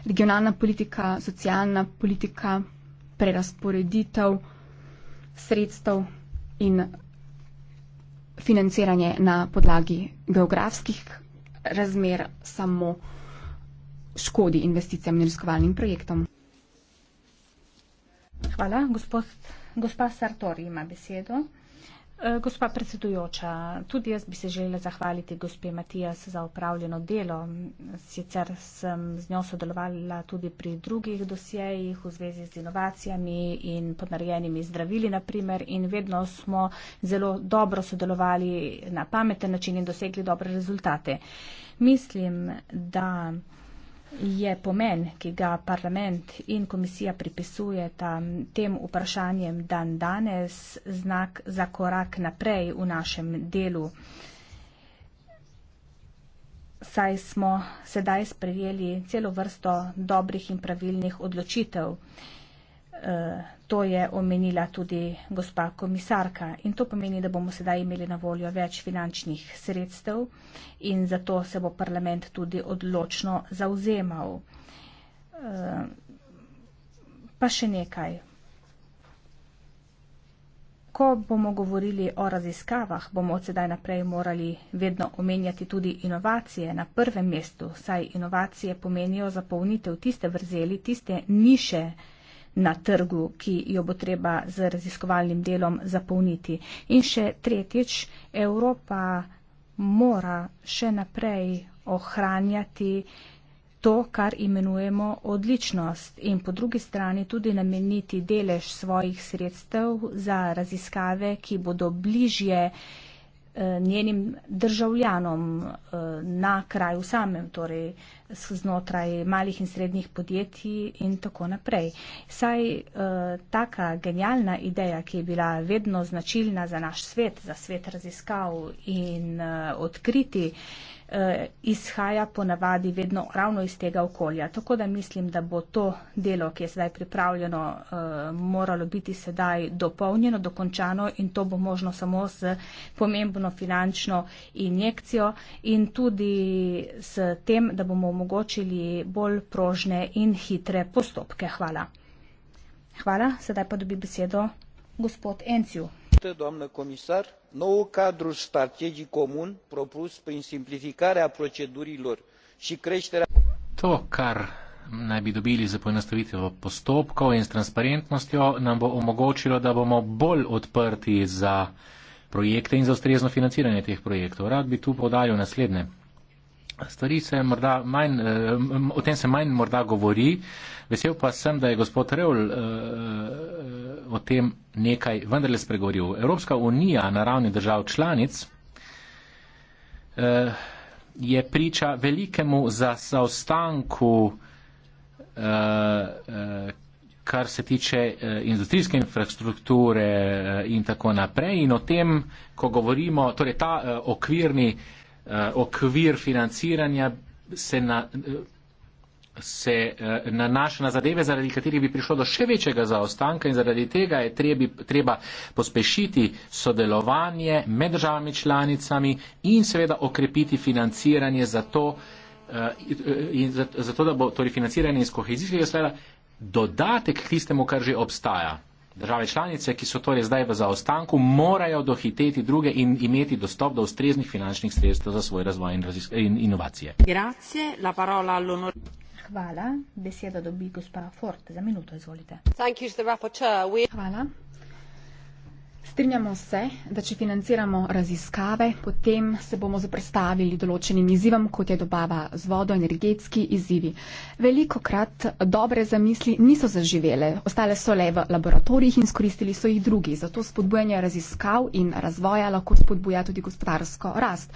Speaker 2: regionalna politika, socialna politika, prerasporeditev sredstev in financiranje na podlagi geografskih razmer samo škodi investicijam in raziskovalnim projektom.
Speaker 4: Hvala. Gospod, gospa Sartori ima
Speaker 2: besedo. Eh, gospa
Speaker 4: predsedujoča, tudi jaz bi se želela zahvaliti gospe Matijas za upravljeno delo. Sicer sem z njo sodelovala tudi pri drugih dosjejih v zvezi z inovacijami in podnarejenimi zdravili, naprimer, in vedno smo zelo dobro sodelovali na pameten način in dosegli dobre rezultate. Mislim, da je pomen, ki ga parlament in komisija pripisujeta tem vprašanjem dan danes, znak za korak naprej v našem delu. Saj smo sedaj sprejeli celo vrsto dobrih in pravilnih odločitev. Uh, To je omenila tudi gospa komisarka in to pomeni, da bomo sedaj imeli na voljo več finančnih sredstev in zato se bo parlament tudi odločno zauzemal. Eh, pa še nekaj. Ko bomo govorili o raziskavah, bomo od sedaj naprej morali vedno omenjati tudi inovacije na prvem mestu, saj inovacije pomenijo zapolnitev tiste vrzeli, tiste niše, na trgu, ki jo bo treba z raziskovalnim delom zapolniti. In še tretjič, Evropa mora še naprej ohranjati to, kar imenujemo odličnost in po drugi strani tudi nameniti delež svojih sredstev za raziskave, ki bodo bližje Eh, njenim državljanom eh, na kraju samem, torej znotraj malih in srednjih podjetij in tako naprej. Saj eh, taka genialna ideja, ki je bila vedno značilna za naš svet, za svet raziskav in odkriti, Eh, izhaja ponavadi vedno ravno iz tega okolja. Tako da mislim, da bo to delo, ki je sedaj pripravljeno, eh, moralo biti sedaj dopolnjeno, dokončano in to bo možno samo s pomembno finančno injekcijo in tudi s tem, da bomo omogočili bolj prožne in hitre postopke. Hvala. Hvala, sedaj pa dobi besedo gospod Enciu
Speaker 1: doamnă comisar noul cadru strategic comun propus prin simplificarea procedurilor și creșterea. To, kar naj bi dobili za poenostavitev postopkov in s transparentnostjo, nam bo omogočilo, da bomo bolj odprti za projekte in za ustrezno financiranje teh projektov. Rad bi tu podaril naslednje. Stvari se morda manj, eh, o tem se manj morda govori, vesel pa sem, da je gospod Reul eh, eh, o tem nekaj vendarle spregovoril. Evropska unija na ravni držav članic eh, je priča velikemu zaostanku, eh, eh, kar se tiče eh, industrijske infrastrukture eh, in tako naprej. In o tem, ko govorimo, torej ta eh, okvirni eh, okvir financiranja se na. Eh, se eh, nanaša na zadeve, zaradi katerih bi prišlo do še večjega zaostanka in zaradi tega je trebi, treba pospešiti sodelovanje med državami članicami in seveda okrepiti financiranje za to, eh, in zato, da bo torej financiranje iz kohezijskega sveda dodatek k tistemu, kar že obstaja. Države članice, ki so torej zdaj v zaostanku, morajo dohiteti druge in imeti dostop do ustreznih finančnih sredstev za svoj razvoj in, in inovacije.
Speaker 3: Grazie,
Speaker 2: Hvala. Beseda dobi gospa Ford. Za minuto izvolite. Hvala. Strinjamo se, da če financiramo raziskave, potem se bomo zaprstavili določenim izzivom, kot je dobava z vodo, energetski izzivi. Veliko krat dobre zamisli niso zaživele, ostale so le v laboratorijih in skoristili so jih drugi. Zato spodbujanje raziskav in razvoja lahko spodbuja tudi gospodarsko rast.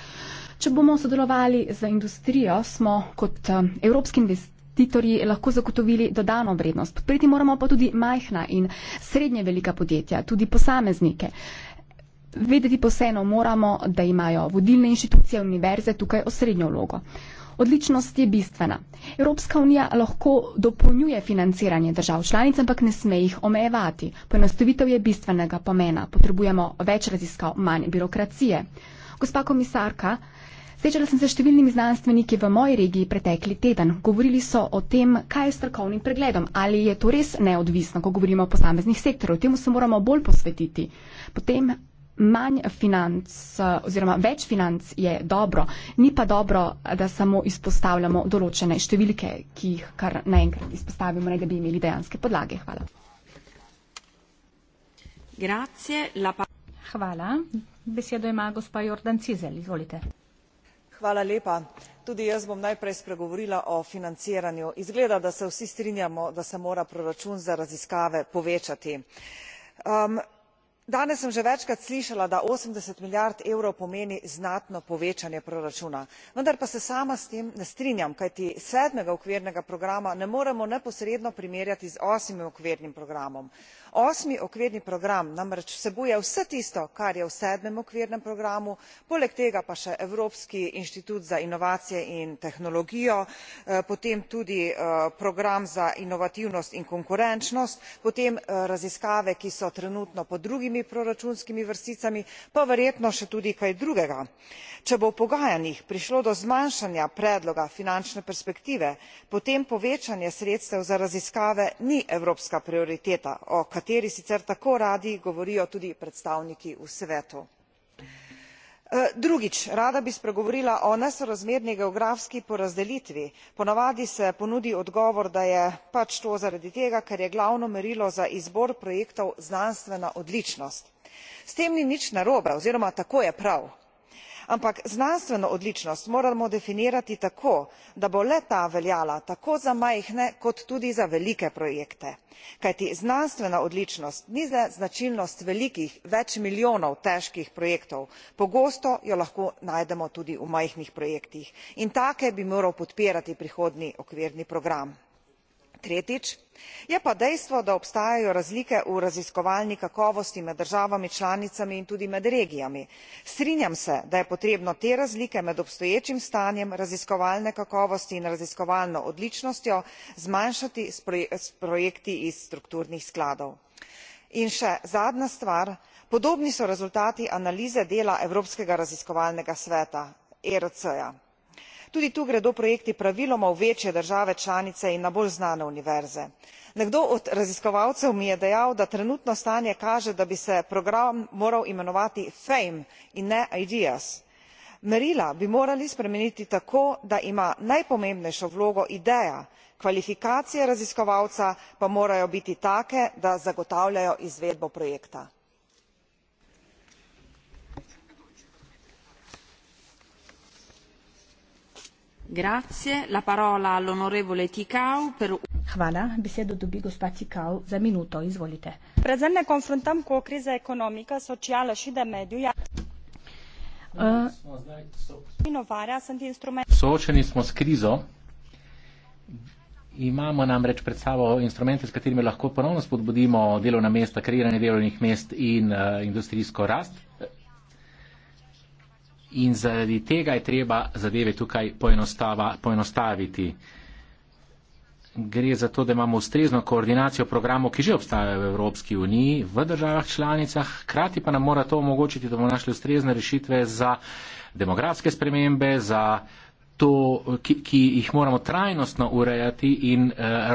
Speaker 2: Če bomo sodelovali z industrijo, smo kot eh, evropski investitor investitorji lahko zagotovili dodano vrednost. Podpreti moramo pa tudi majhna in srednje velika podjetja, tudi posameznike. Vedeti pa vseeno moramo, da imajo vodilne inštitucije univerze tukaj osrednjo vlogo. Odličnost je bistvena. Evropska unija lahko dopolnjuje financiranje držav članic, ampak ne sme jih omejevati. Poenostavitev je bistvenega pomena. Potrebujemo več raziskav, manj birokracije. Gospa komisarka, Srečala sem se s številnimi znanstveniki v moji regiji pretekli teden. Govorili so o tem, kaj je s strokovnim pregledom, ali je to res neodvisno, ko govorimo o posameznih sektorjih. Temu se moramo bolj posvetiti. Potem manj financ oziroma več financ je dobro, ni pa dobro, da samo izpostavljamo določene številke, ki jih kar naenkrat izpostavimo, ne da bi imeli dejanske podlage. Hvala.
Speaker 3: Grazie, Hvala. Besedo
Speaker 4: ima gospa Jordan Cizel. Izvolite
Speaker 5: tudi jaz bom najprej spregovorila o financiranju. izgleda da se vsi strinjamo da se mora proračun za raziskave povečati. Um, danes sem že večkrat slišala da osemdeset milijard evrov pomeni znatno povečanje proračuna vendar pa se sama s tem ne strinjam kajti sedmega okvirnega programa ne moremo neposredno primerjati z osmim okvirnim programom osmi okvirni program namreč vsebuje vse tisto kar je v sedmem okvirnem programu poleg tega pa še evropski inštitut za inovacije in tehnologijo eh, potem tudi eh, program za inovativnost in konkurenčnost potem eh, raziskave ki so trenutno pod drugimi proračunskimi vrsticami pa verjetno še tudi kaj drugega. če bo v pogajanjih prišlo do zmanjšanja predloga finančne perspektive potem povečanje sredstev za raziskave ni evropska prioriteta o kateri sicer tako radi govorijo tudi predstavniki v svetu. E, drugič rada bi spregovorila o nesorazmerni geografski porazdelitvi ponavadi se ponudi odgovor da je pač to zaradi tega ker je glavno merilo za izbor projektov znanstvena odličnost. s tem ni nič narobe oziroma tako je prav ampak znanstveno odličnost moramo definirati tako da bo le ta veljala tako za majhne kot tudi za velike projekte kajti znanstvena odličnost ni le značilnost velikih več milijonov težkih projektov pogosto jo lahko najdemo tudi v majhnih projektih in take bi moral podpirati prihodnji okvirni program tretjič je pa dejstvo da obstajajo razlike v raziskovalni kakovosti med državami članicami in tudi med regijami. strinjam se da je potrebno te razlike med obstoječim stanjem raziskovalne kakovosti in raziskovalno odličnostjo zmanjšati s projekti iz strukturnih skladov. in še zadnja stvar podobni so rezultati analize dela evropskega raziskovalnega sveta ercj tudi tu gredo projekti praviloma v večje države članice in na bolj znane univerze. nekdo od raziskovalcev mi je dejal da trenutno stanje kaže da bi se program moral imenovati fame in ne ideas. merila bi morali spremeniti tako da ima najpomembnejšo vlogo ideja kvalifikacije raziskovalca pa morajo biti take da zagotavljajo izvedbo projekta.
Speaker 4: Hvala. Besedo dobi gospa Cikau za minuto. Izvolite. Uh,
Speaker 1: Soočeni smo s krizo. Imamo namreč pred sabo instrumente, s katerimi lahko ponovno spodbudimo delovna mesta, kreiranje delovnih mest in uh, industrijsko rast. In zaradi tega je treba zadeve tukaj poenostaviti. Gre za to, da imamo ustrezno koordinacijo programov, ki že obstajajo v Evropski uniji, v državah članicah, krati pa nam mora to omogočiti, da bomo našli ustrezne rešitve za demografske spremembe, za to, ki, ki jih moramo trajnostno urejati in uh,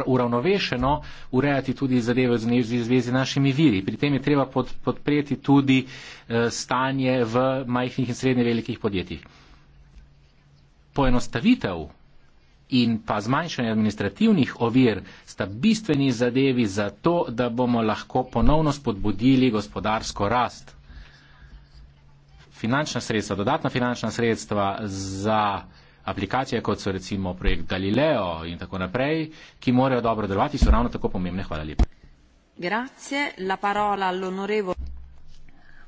Speaker 1: uravnovešeno urejati tudi zadeve v zvezi z našimi viri. Pri tem je treba pod, podpreti tudi uh, stanje v majhnih in srednje velikih podjetjih. Poenostavitev in pa zmanjšanje administrativnih ovir sta bistveni zadevi za to, da bomo lahko ponovno spodbudili gospodarsko rast. Finančna sredstva, dodatna finančna sredstva za aplikacije, kot so recimo projekt Galileo in tako naprej, ki morajo dobro delovati, so ravno tako pomembne. Hvala lepa.
Speaker 3: Grazie, la parola all'onorevo.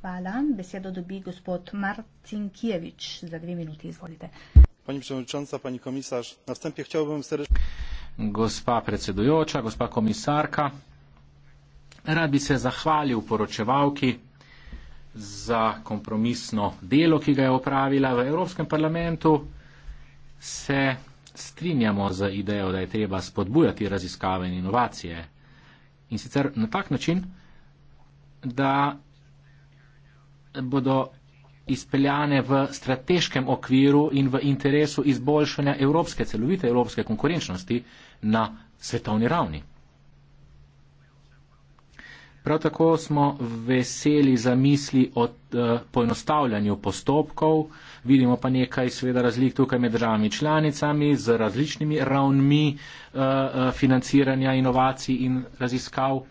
Speaker 3: Hvala. Besedo dobi gospod
Speaker 4: Marcin Kijevič. Za dve minuti izvolite.
Speaker 1: Pani predsedujoča, pani komisar, na vstempih hotel bom se reči. Gospa predsedujoča, gospa komisarka, rad bi se zahvalil poročevalki za kompromisno delo, ki ga je opravila v Evropskem parlamentu se strinjamo z idejo, da je treba spodbujati raziskave in inovacije. In sicer na tak način, da bodo izpeljane v strateškem okviru in v interesu izboljšanja evropske, celovite evropske konkurenčnosti na svetovni ravni. Prav tako smo veseli za misli o uh, poenostavljanju postopkov, vidimo pa nekaj sveda razlik tukaj med državami članicami z različnimi ravnmi uh, financiranja inovacij in raziskav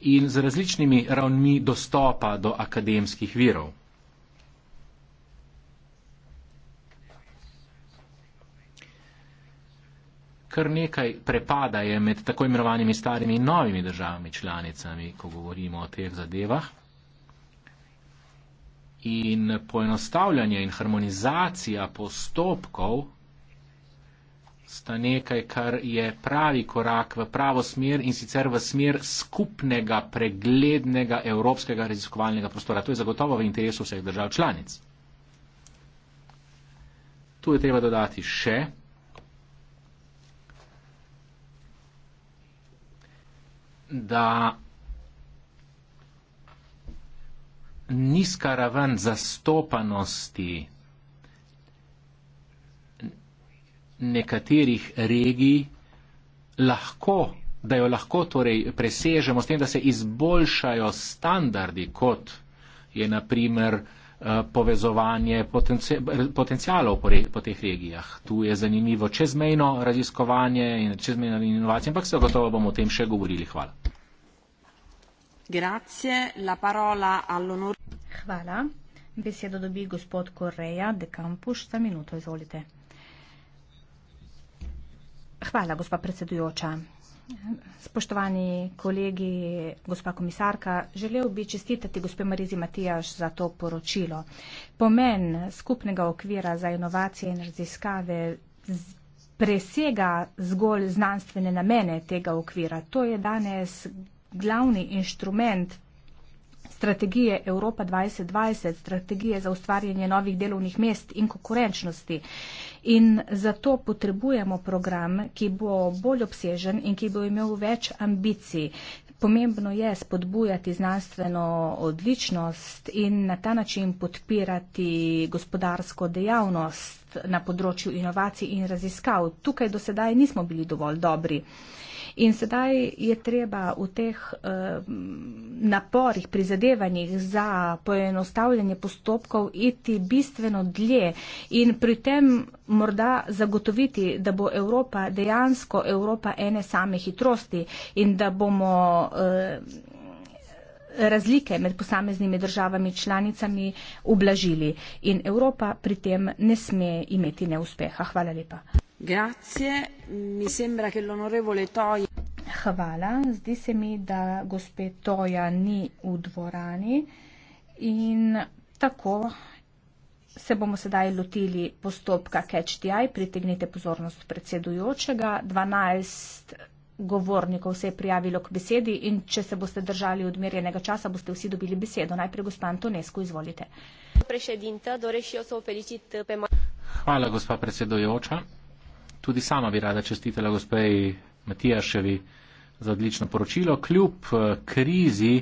Speaker 1: in z različnimi ravnmi dostopa do akademskih virov. kar nekaj prepada je med tako imenovanimi starimi in novimi državami članicami, ko govorimo o teh zadevah. In poenostavljanje in harmonizacija postopkov sta nekaj, kar je pravi korak v pravo smer in sicer v smer skupnega, preglednega evropskega raziskovalnega prostora. To je zagotovo v interesu vseh držav članic. Tu je treba dodati še, da nizka raven zastopanosti nekaterih regij lahko, da jo lahko torej presežemo s tem, da se izboljšajo standardi, kot je naprimer eh, povezovanje potencijalov po teh regijah. Tu je zanimivo čezmejno raziskovanje in čezmejna inovacija, ampak se gotovo bomo o tem še govorili. Hvala.
Speaker 3: Grazie. La parola all'onore. Hvala. Besedo dobi
Speaker 4: gospod Koreja, dekampuš, za minuto, izvolite. Hvala, gospa predsedujoča. Spoštovani kolegi, gospa komisarka, želel bi čestitati gospe Marizi Matijaš za to poročilo. Pomen skupnega okvira za inovacije in raziskave presega zgolj znanstvene namene tega okvira. To je danes glavni inštrument strategije Evropa 2020, strategije za ustvarjanje novih delovnih mest in konkurenčnosti. In zato potrebujemo program, ki bo bolj obsežen in ki bo imel več ambicij. Pomembno je spodbujati znanstveno odličnost in na ta način podpirati gospodarsko dejavnost na področju inovacij in raziskav. Tukaj do sedaj nismo bili dovolj dobri. In sedaj je treba v teh eh, naporih, prizadevanjih za poenostavljanje postopkov iti bistveno dlje in pri tem morda zagotoviti, da bo Evropa dejansko Evropa ene same hitrosti in da bomo. Eh, razlike med posameznimi državami članicami ublažili in Evropa pri tem ne sme imeti neuspeha. Hvala lepa.
Speaker 3: Grazie. Mi sembra che l'onorevole Toi
Speaker 4: Hvala. Zdi se mi, da gospe Toja ni v dvorani in tako se bomo sedaj lotili postopka CatchTI. Pritegnite pozornost predsedujočega. 12 govornikov se je prijavilo k besedi in če se boste držali odmerjenega časa, boste vsi dobili besedo. Najprej gospa Antonesko, izvolite.
Speaker 1: Hvala, gospa predsedujoča. Tudi sama bi rada čestitela gospej Matijaševi za odlično poročilo. Kljub eh, krizi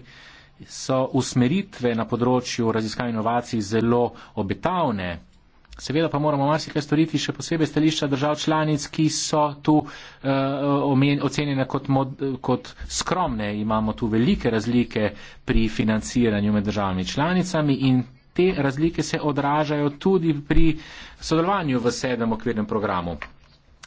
Speaker 1: so usmeritve na področju raziskav in inovacij zelo obetavne. Seveda pa moramo marsikaj storiti, še posebej stališča držav članic, ki so tu uh, omen, ocenjene kot, mod, kot skromne. Imamo tu velike razlike pri financiranju med državami članicami in te razlike se odražajo tudi pri sodelovanju v sedmem okvirnem programu.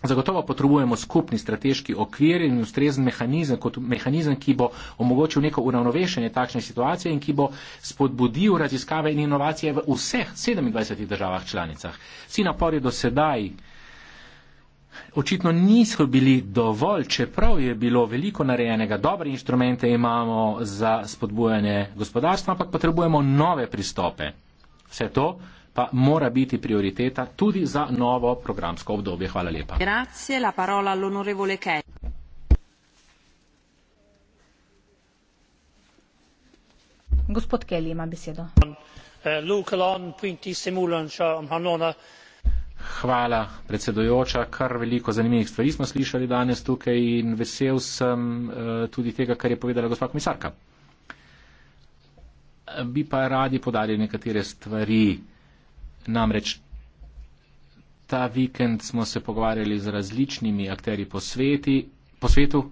Speaker 1: Zagotovo potrebujemo skupni strateški okvir in ustrezen mehanizem, kot mehanizem, ki bo omogočil neko uravnovešenje takšne situacije in ki bo spodbudil raziskave in inovacije v vseh 27 državah članicah. Vsi napori do sedaj očitno niso bili dovolj, čeprav je bilo veliko narejenega, dobre inštrumente imamo za spodbujanje gospodarstva, ampak potrebujemo nove pristope. Vse to pa mora biti prioriteta tudi za novo programsko obdobje. Hvala lepa.
Speaker 3: Grazie, la
Speaker 4: Gospod Kelly ima besedo.
Speaker 1: Hvala, predsedujoča. Kar veliko zanimivih stvari smo slišali danes tukaj in vesel sem eh, tudi tega, kar je povedala gospa komisarka. Bi pa radi podali nekatere stvari. Namreč ta vikend smo se pogovarjali z različnimi akteri po, sveti, po svetu,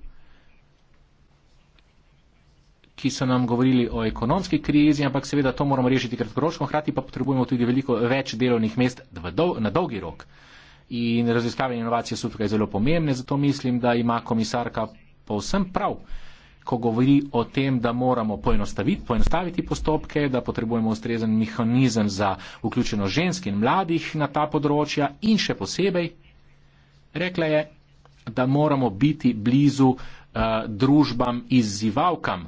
Speaker 1: ki so nam govorili o ekonomski krizi, ampak seveda to moramo rešiti kratkoročno, hkrati pa potrebujemo tudi veliko več delovnih mest dol, na dolgi rok. In raziskave in inovacije so tukaj zelo pomembne, zato mislim, da ima komisarka povsem prav ko govori o tem, da moramo poenostaviti, poenostaviti postopke, da potrebujemo ustrezen mehanizem za vključeno žensk in mladih na ta področja in še posebej rekla je, da moramo biti blizu uh, družbam izzivalkam.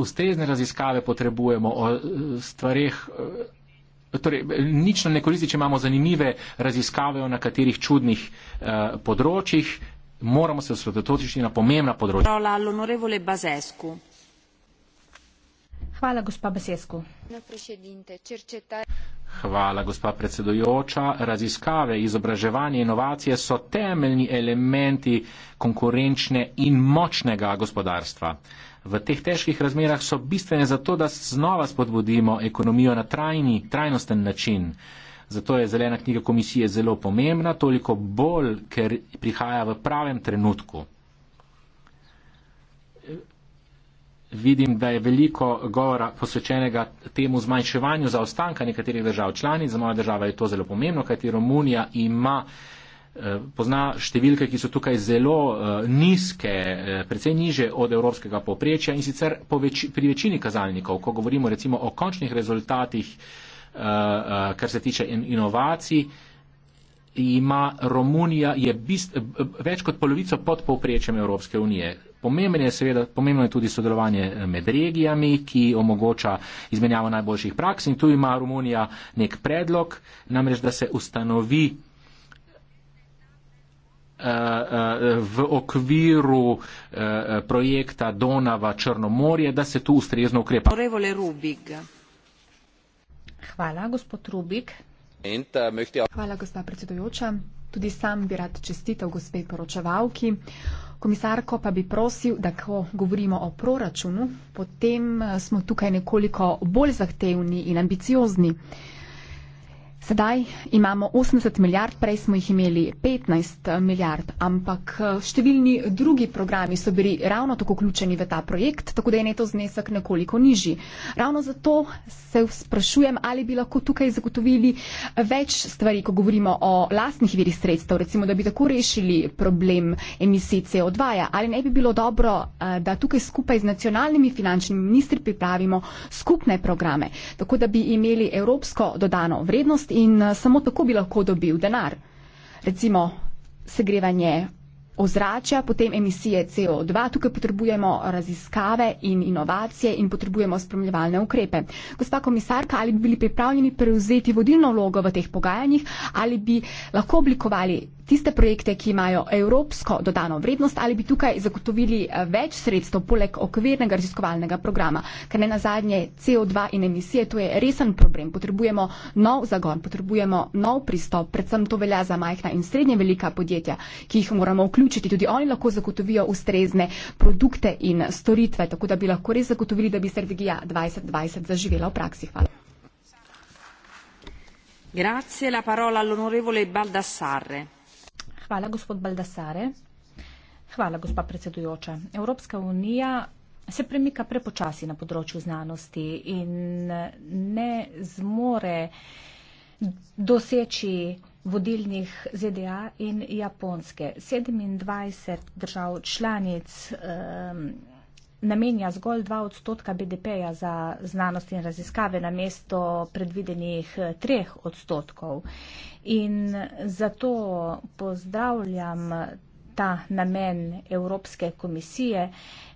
Speaker 1: Ustrezne raziskave potrebujemo o eh, stvareh. Eh, torej, nič nam ne koristi, če imamo zanimive raziskave o nekaterih čudnih uh, področjih, moramo se osredotočiti na pomembna področja.
Speaker 3: Hvala,
Speaker 4: gospa Besesku.
Speaker 1: Hvala, gospa predsedujoča. Raziskave, izobraževanje, inovacije so temeljni elementi konkurenčne in močnega gospodarstva. V teh težkih razmerah so bistvene zato, da znova spodbudimo ekonomijo na trajni, trajnosten način. Zato je zelena knjiga komisije zelo pomembna, toliko bolj, ker prihaja v pravem trenutku. Vidim, da je veliko govora posvečenega temu zmanjševanju zaostanka nekaterih držav članic. Za mojo državo je to zelo pomembno, kajti Romunija ima, eh, pozna številke, ki so tukaj zelo eh, nizke, eh, precej niže od evropskega povprečja in sicer po več, pri večini kazalnikov, ko govorimo recimo o končnih rezultatih Eh, eh, kar se tiče inovacij, ima Romunija je bist, več kot polovico pod povprečjem Evropske unije. Pomembno je, seveda, pomembno je tudi sodelovanje eh, med regijami, ki omogoča izmenjavo najboljših praks in tu ima Romunija nek predlog, namreč da se ustanovi v okviru projekta Donava Črnomorje, da se tu ustrezno ukrepa.
Speaker 2: Hvala, gospod Rubik. Hvala, gospa predsedujoča. Tudi sam bi rad čestitev gospe poročevalki. Komisarko pa bi prosil, da ko govorimo o proračunu, potem smo tukaj nekoliko bolj zahtevni in ambiciozni. Uh, Sedaj imamo 80 milijard, prej smo jih imeli 15 milijard, ampak eh, številni drugi programi so bili ravno tako vključeni v ta projekt, tako da je neto znesek nekoliko nižji. Ravno zato se sprašujem, ali bi lahko tukaj zagotovili eh, več stvari, ko govorimo o lastnih virih sredstev, recimo, da bi tako rešili problem emisij CO2, -ja. ali ne bi bilo dobro, eh, da tukaj skupaj z nacionalnimi finančnimi ministri pripravimo skupne programe, tako da bi imeli evropsko dodano vrednost, dejavnost in eh, samo tako bi lahko dobil denar. Recimo segrevanje ozračja, potem emisije CO2, tukaj potrebujemo raziskave in inovacije in potrebujemo spremljevalne ukrepe. Gospa komisarka, ali bi bili pripravljeni prevzeti vodilno vlogo v teh pogajanjih, ali bi lahko oblikovali tiste projekte, ki imajo evropsko dodano vrednost ali bi tukaj zagotovili eh, več sredstev poleg okvirnega raziskovalnega programa. Ker ne na zadnje CO2 in emisije, to je resen problem. Potrebujemo nov zagon, potrebujemo nov pristop, predvsem to velja za majhna in srednje velika podjetja, ki jih moramo vključiti. Tudi oni lahko zagotovijo ustrezne produkte in storitve, tako da bi lahko res zagotovili, da bi strategija 2020 zaživela v praksi. Hvala.
Speaker 3: Grazie, la parola all'onorevole Baldassarre.
Speaker 4: Hvala, gospod Baldasare. Hvala, gospa predsedujoča. Evropska unija se premika prepočasi na področju znanosti in ne zmore doseči vodilnih ZDA in Japonske. 27 držav članic. Um, namenja zgolj 2 odstotka BDP-ja za znanost in raziskave na mesto predvidenih 3 eh, odstotkov. In zato pozdravljam eh, ta namen Evropske komisije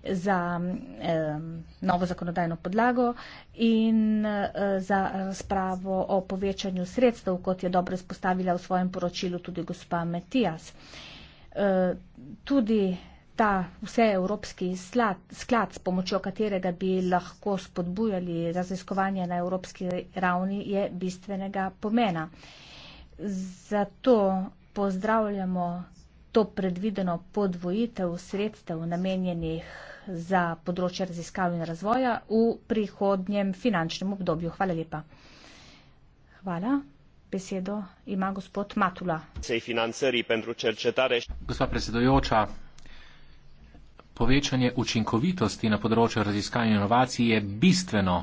Speaker 4: za eh, novo zakonodajno podlago in eh, za razpravo o povečanju sredstev, kot je dobro spostavila v svojem poročilu tudi gospa Matijas. Eh, tudi ta vseevropski sklad, s pomočjo katerega bi lahko spodbujali raziskovanje na evropski ravni, je bistvenega pomena. Zato pozdravljamo to predvideno podvojitev sredstev namenjenih za področje raziskav in razvoja v prihodnjem finančnem obdobju. Hvala lepa. Hvala. Besedo ima gospod Matula.
Speaker 1: Gospa predsedujoča, povečanje učinkovitosti na področju raziskav in inovacij je bistveno.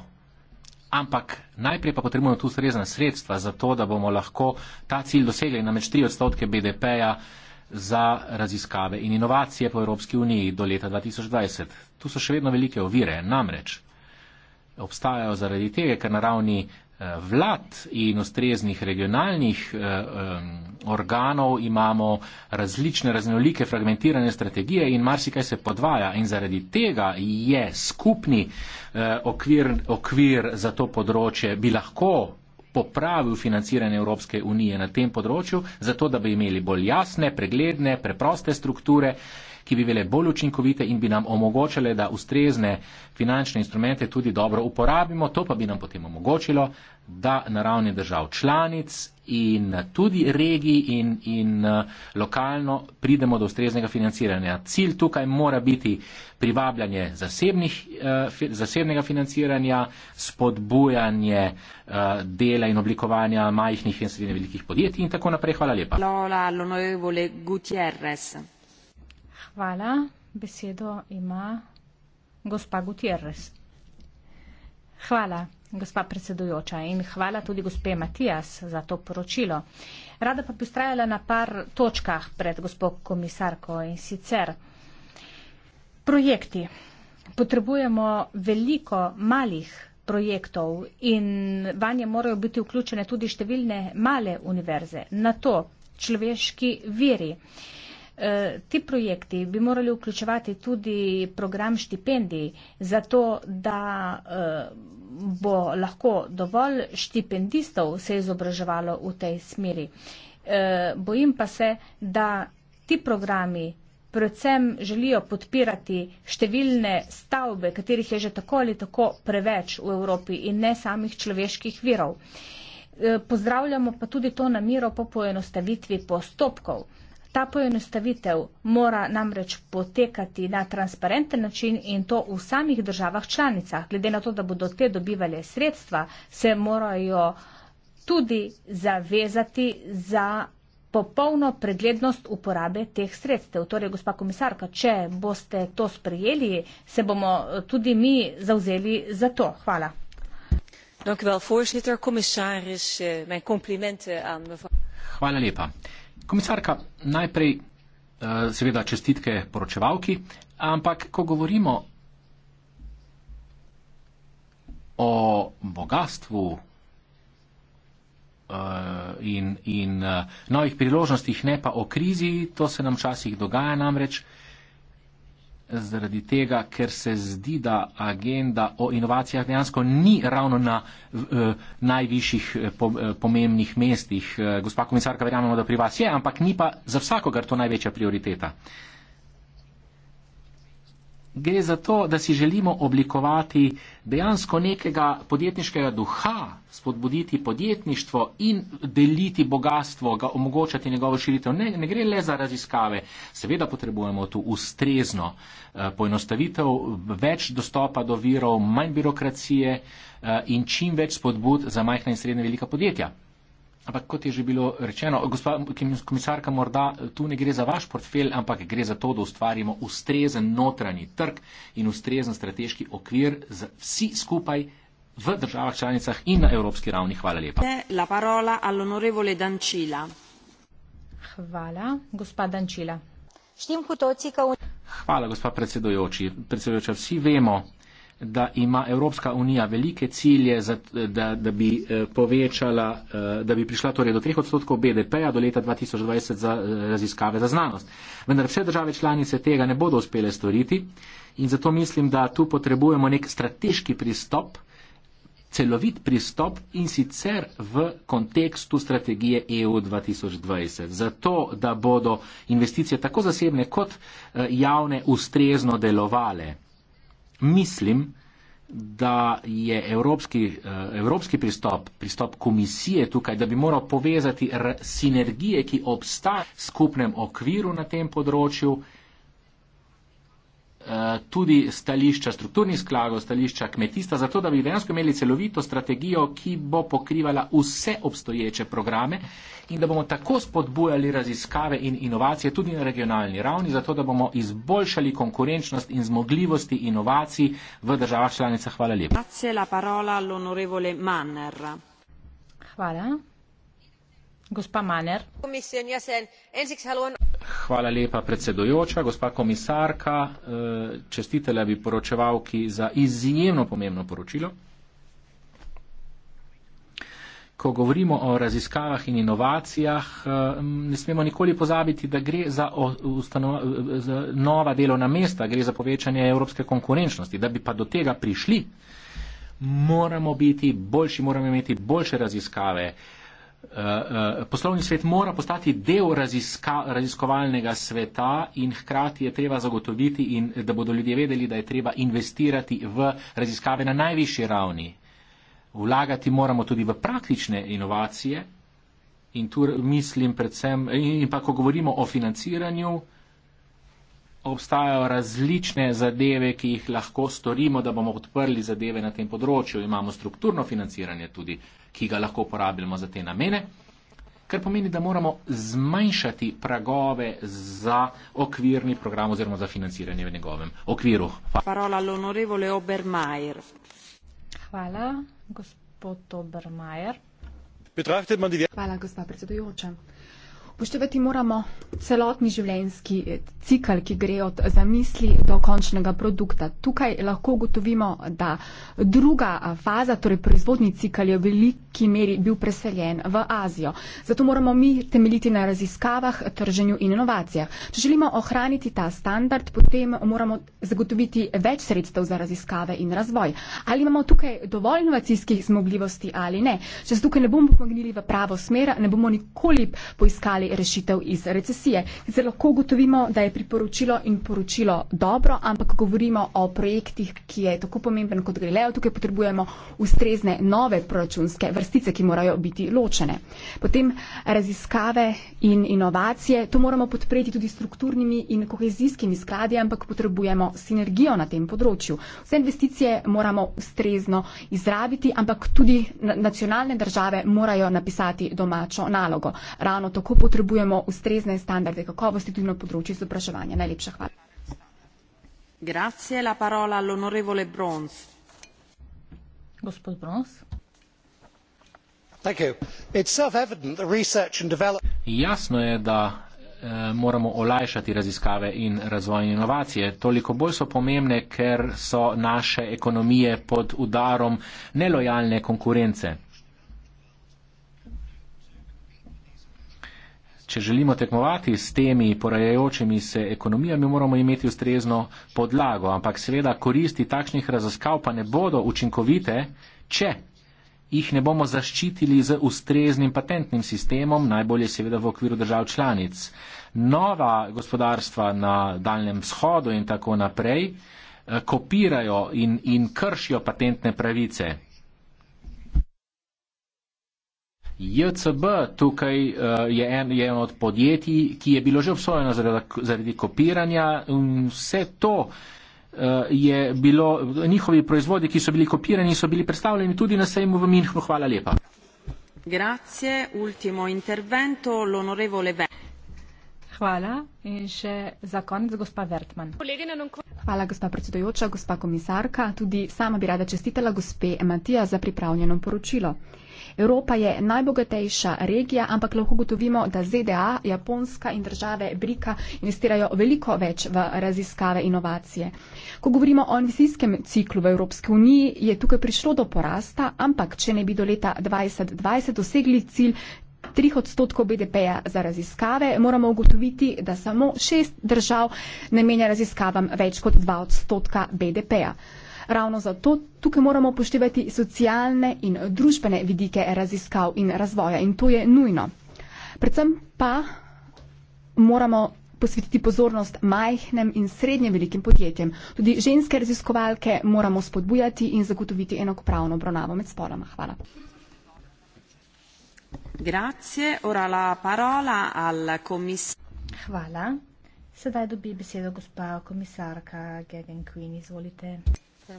Speaker 1: Ampak najprej pa potrebujemo tu srezna sredstva za to, da bomo lahko ta cilj dosegli na meč 3 odstotke BDP-ja za raziskave in inovacije po Evropski uniji do leta 2020. Tu so še vedno velike ovire, namreč obstajajo zaradi tega, ker na ravni vlad in ustreznih regionalnih eh, organov imamo različne, raznolike, fragmentirane strategije in marsikaj se podvaja. In zaradi tega je skupni eh, okvir, okvir za to področje bi lahko popravil financiranje Evropske unije na tem področju, zato da bi imeli bolj jasne, pregledne, preproste strukture ki bi bile bolj učinkovite in bi nam omogočale, da ustrezne finančne instrumente tudi dobro uporabimo. To pa bi nam potem omogočilo, da na ravni držav članic in tudi regij in, in eh, lokalno pridemo do ustreznega financiranja. Cilj tukaj mora biti privabljanje zasebnih, eh, zasebnega financiranja, spodbujanje eh, dela in oblikovanja majhnih in srednje velikih podjetij in tako naprej. Hvala lepa.
Speaker 3: Lola,
Speaker 4: Hvala. Besedo ima gospa Gutierrez. Hvala, gospa predsedujoča in hvala tudi gospe Matijas za to poročilo. Rada pa bi ustrajala na par točkah pred gospo komisarko in sicer projekti. Potrebujemo veliko malih projektov in vanje morajo biti vključene tudi številne male univerze. Na to človeški veri. Uh, Eh, ti projekti bi morali vključevati tudi program štipendij, zato da eh, bo lahko dovolj štipendistov se izobraževalo v tej smeri. Eh, bojim pa se, da ti programi predvsem želijo podpirati številne stavbe, katerih je že tako ali tako preveč v Evropi in ne samih človeških virov. Pozdravljamo pa tudi to namero po poenostavitvi postopkov. Ta poenostavitev mora namreč potekati na transparenten način in to v samih državah članicah. Glede na to, da bodo te dobivali sredstva, se morajo tudi zavezati za popolno preglednost uporabe teh sredstev. Torej, gospa komisarka, če boste to sprejeli, se bomo tudi mi zauzeli za to. Hvala.
Speaker 3: Dank u wel, voorzitter, commissaris. Eh, mijn complimenten aan mevrouw.
Speaker 1: Hvala lepa. Komisarka, najprej eh, seveda čestitke poročevalki, ampak ko govorimo o bogatstvu eh, in, in eh, novih priložnostih, ne pa o krizi, to se nam včasih dogaja namreč zaradi tega, ker se zdi, da agenda o inovacijah dejansko ni ravno na eh, najvišjih eh, po, eh, pomembnih mestih. Eh, gospa komisarka, verjamemo, da pri vas je, ampak ni pa za vsakogar to največja prioriteta. Eh, gre za to, da si želimo oblikovati dejansko nekega podjetniškega duha, spodbuditi podjetništvo in deliti bogatstvo, ga omogočati njegovo širitev. Ne, ne gre le za raziskave. Seveda potrebujemo tu ustrezno eh, poenostavitev, več dostopa do virov, manj birokracije eh, in čim več spodbud za majhna in srednja velika podjetja. Ampak kot je že bilo rečeno, gospa komisarka, morda eh, tu ne gre za vaš portfelj, ampak gre za to, da ustvarimo ustrezen notranji trg in ustrezen strateški okvir za vsi skupaj v državah članicah in na evropski ravni. Hvala lepa.
Speaker 3: Hvala,
Speaker 4: gospa Dančila.
Speaker 1: Hvala, gospa predsedujoči. Predsedujoča, vsi vemo, da ima Evropska unija velike cilje, za, da, da, bi eh, povečala, eh, da bi prišla torej do 3 odstotkov BDP-ja do leta 2020 za eh, raziskave za znanost. Vendar vse države članice tega ne bodo uspele storiti in zato mislim, da tu potrebujemo nek strateški pristop, celovit pristop in sicer v kontekstu strategije EU 2020. Zato, da bodo investicije tako zasebne kot javne ustrezno delovale mislim, da je evropski, eh, evropski pristop, pristop komisije tukaj, da bi moral povezati sinergije, ki obstajajo v skupnem okviru na tem področju. Eh, tudi stališča strukturnih skladov, stališča kmetijstva, zato da bi dejansko imeli celovito strategijo, ki bo pokrivala vse obstoječe programe in da bomo tako spodbujali raziskave in inovacije tudi na regionalni ravni, zato da bomo izboljšali konkurenčnost in zmogljivosti inovacij v državah članicah. Hvala lepa.
Speaker 3: Hvala. Gospa Maner. Komisijo, jaz sem. Ensiks, haluan.
Speaker 1: Hvala lepa, predsedujoča, gospa komisarka. Eh, čestitele bi poročevalki za izjemno pomembno poročilo. Ko govorimo o raziskavah in inovacijah, eh, ne smemo nikoli pozabiti, da gre za, ustanova, eh, za nova delovna mesta, gre za povečanje evropske konkurenčnosti. Da bi pa do tega prišli, moramo biti boljši, moramo imeti boljše raziskave. Eh, eh, poslovni svet mora postati del raziska, raziskovalnega sveta in hkrati je treba zagotoviti, in, da bodo ljudje vedeli, da je treba investirati v raziskave na najvišji ravni. Vlagati moramo tudi v praktične inovacije in tu mislim predvsem, in, in pa ko govorimo o financiranju, obstajajo različne zadeve, ki jih lahko storimo, da bomo odprli zadeve na tem področju. Imamo strukturno financiranje tudi, ki ga lahko uporabljamo za te namene, kar pomeni, da moramo zmanjšati pragove za okvirni program oziroma za financiranje v njegovem okviru. Hvala.
Speaker 2: Hvala, gospod Obermajer. Hvala, gospod predsedujoča. Poštevati moramo celotni življenjski eh, cikl, ki gre od zamisli do končnega produkta. Tukaj lahko ugotovimo, da druga eh, faza, torej proizvodni cikl, je v veliki meri bil preseljen v Azijo. Zato moramo mi temeljiti na raziskavah, trženju in inovacijah. Če želimo ohraniti ta standard, potem moramo zagotoviti več sredstev za raziskave in razvoj. Ali imamo tukaj dovolj inovacijskih zmogljivosti ali ne? Če se tukaj ne bomo pomagnili v pravo smer, ne bomo nikoli poiskali rešitev iz recesije. Zdaj lahko gotovimo, da je priporočilo in poročilo dobro, ampak govorimo o projektih, ki je tako pomemben kot Galileo. Tukaj potrebujemo ustrezne nove proračunske vrstice, ki morajo biti ločene. Potem raziskave in inovacije. To moramo podpreti tudi strukturnimi in kohezijskimi skladi, ampak potrebujemo sinergijo na tem področju. Vse investicije moramo ustrezno izrabiti, ampak tudi nacionalne države morajo napisati domačo nalogo. Ravno tako potrebujemo ustrezne standarde kakovosti tudi na področju izobraževanja. Najlepša hvala.
Speaker 3: Grazie, la parola all'onorevole Brons. Gospod Brons.
Speaker 1: Thank you. It's self-evident that research and development. Jasno je, da eh, moramo olajšati raziskave in razvoj in inovacije. Toliko bolj so pomembne, ker so naše ekonomije pod udarom nelojalne konkurence. če želimo tekmovati s temi porajajočimi se ekonomijami, moramo imeti ustrezno podlago. Ampak seveda koristi takšnih raziskav pa ne bodo učinkovite, če jih ne bomo zaščitili z ustreznim patentnim sistemom, najbolje seveda v okviru držav članic. Nova gospodarstva na Daljem vzhodu in tako naprej eh, kopirajo in, in kršijo patentne pravice. JCB tukaj uh, je, en, je eno od podjetij, ki je bilo že obsojeno zaradi, zaradi kopiranja in vse to uh, je bilo, njihovi proizvodi, ki so bili kopirani, so bili predstavljeni tudi na sejmu v Minhnu. Hvala lepa.
Speaker 3: Grazie, ultimo intervento, l'onorevole Ver. Hvala
Speaker 2: in še za konec, gospa Vertman. Hvala, gospa predsedojoča, gospa komisarka. Tudi sama bi rada čestitala gospe Matija za pripravljeno poročilo. Evropa je najbogatejša regija, ampak lahko gotovimo, da ZDA, Japonska in države Brika investirajo veliko več v raziskave inovacije. Ko govorimo o investicijskem ciklu v Evropski uniji, je tukaj prišlo do porasta, ampak če ne bi do leta 2020 dosegli cilj. 3 odstotkov BDP-ja za raziskave, moramo ugotoviti, da samo šest držav namenja raziskavam več kot 2 odstotka BDP-ja. Ravno zato tukaj moramo upoštevati socialne in družbene vidike raziskav in razvoja in to je nujno. Predvsem pa moramo posvetiti pozornost majhnem in srednje velikim podjetjem. Tudi ženske raziskovalke moramo spodbujati in zagotoviti enakopravno obravnavo med spoloma. Hvala.
Speaker 3: Grazie, ora la parola al
Speaker 4: Hvala. Sedaj dobi besedo gospa komisarka Gegen Queen. Izvolite.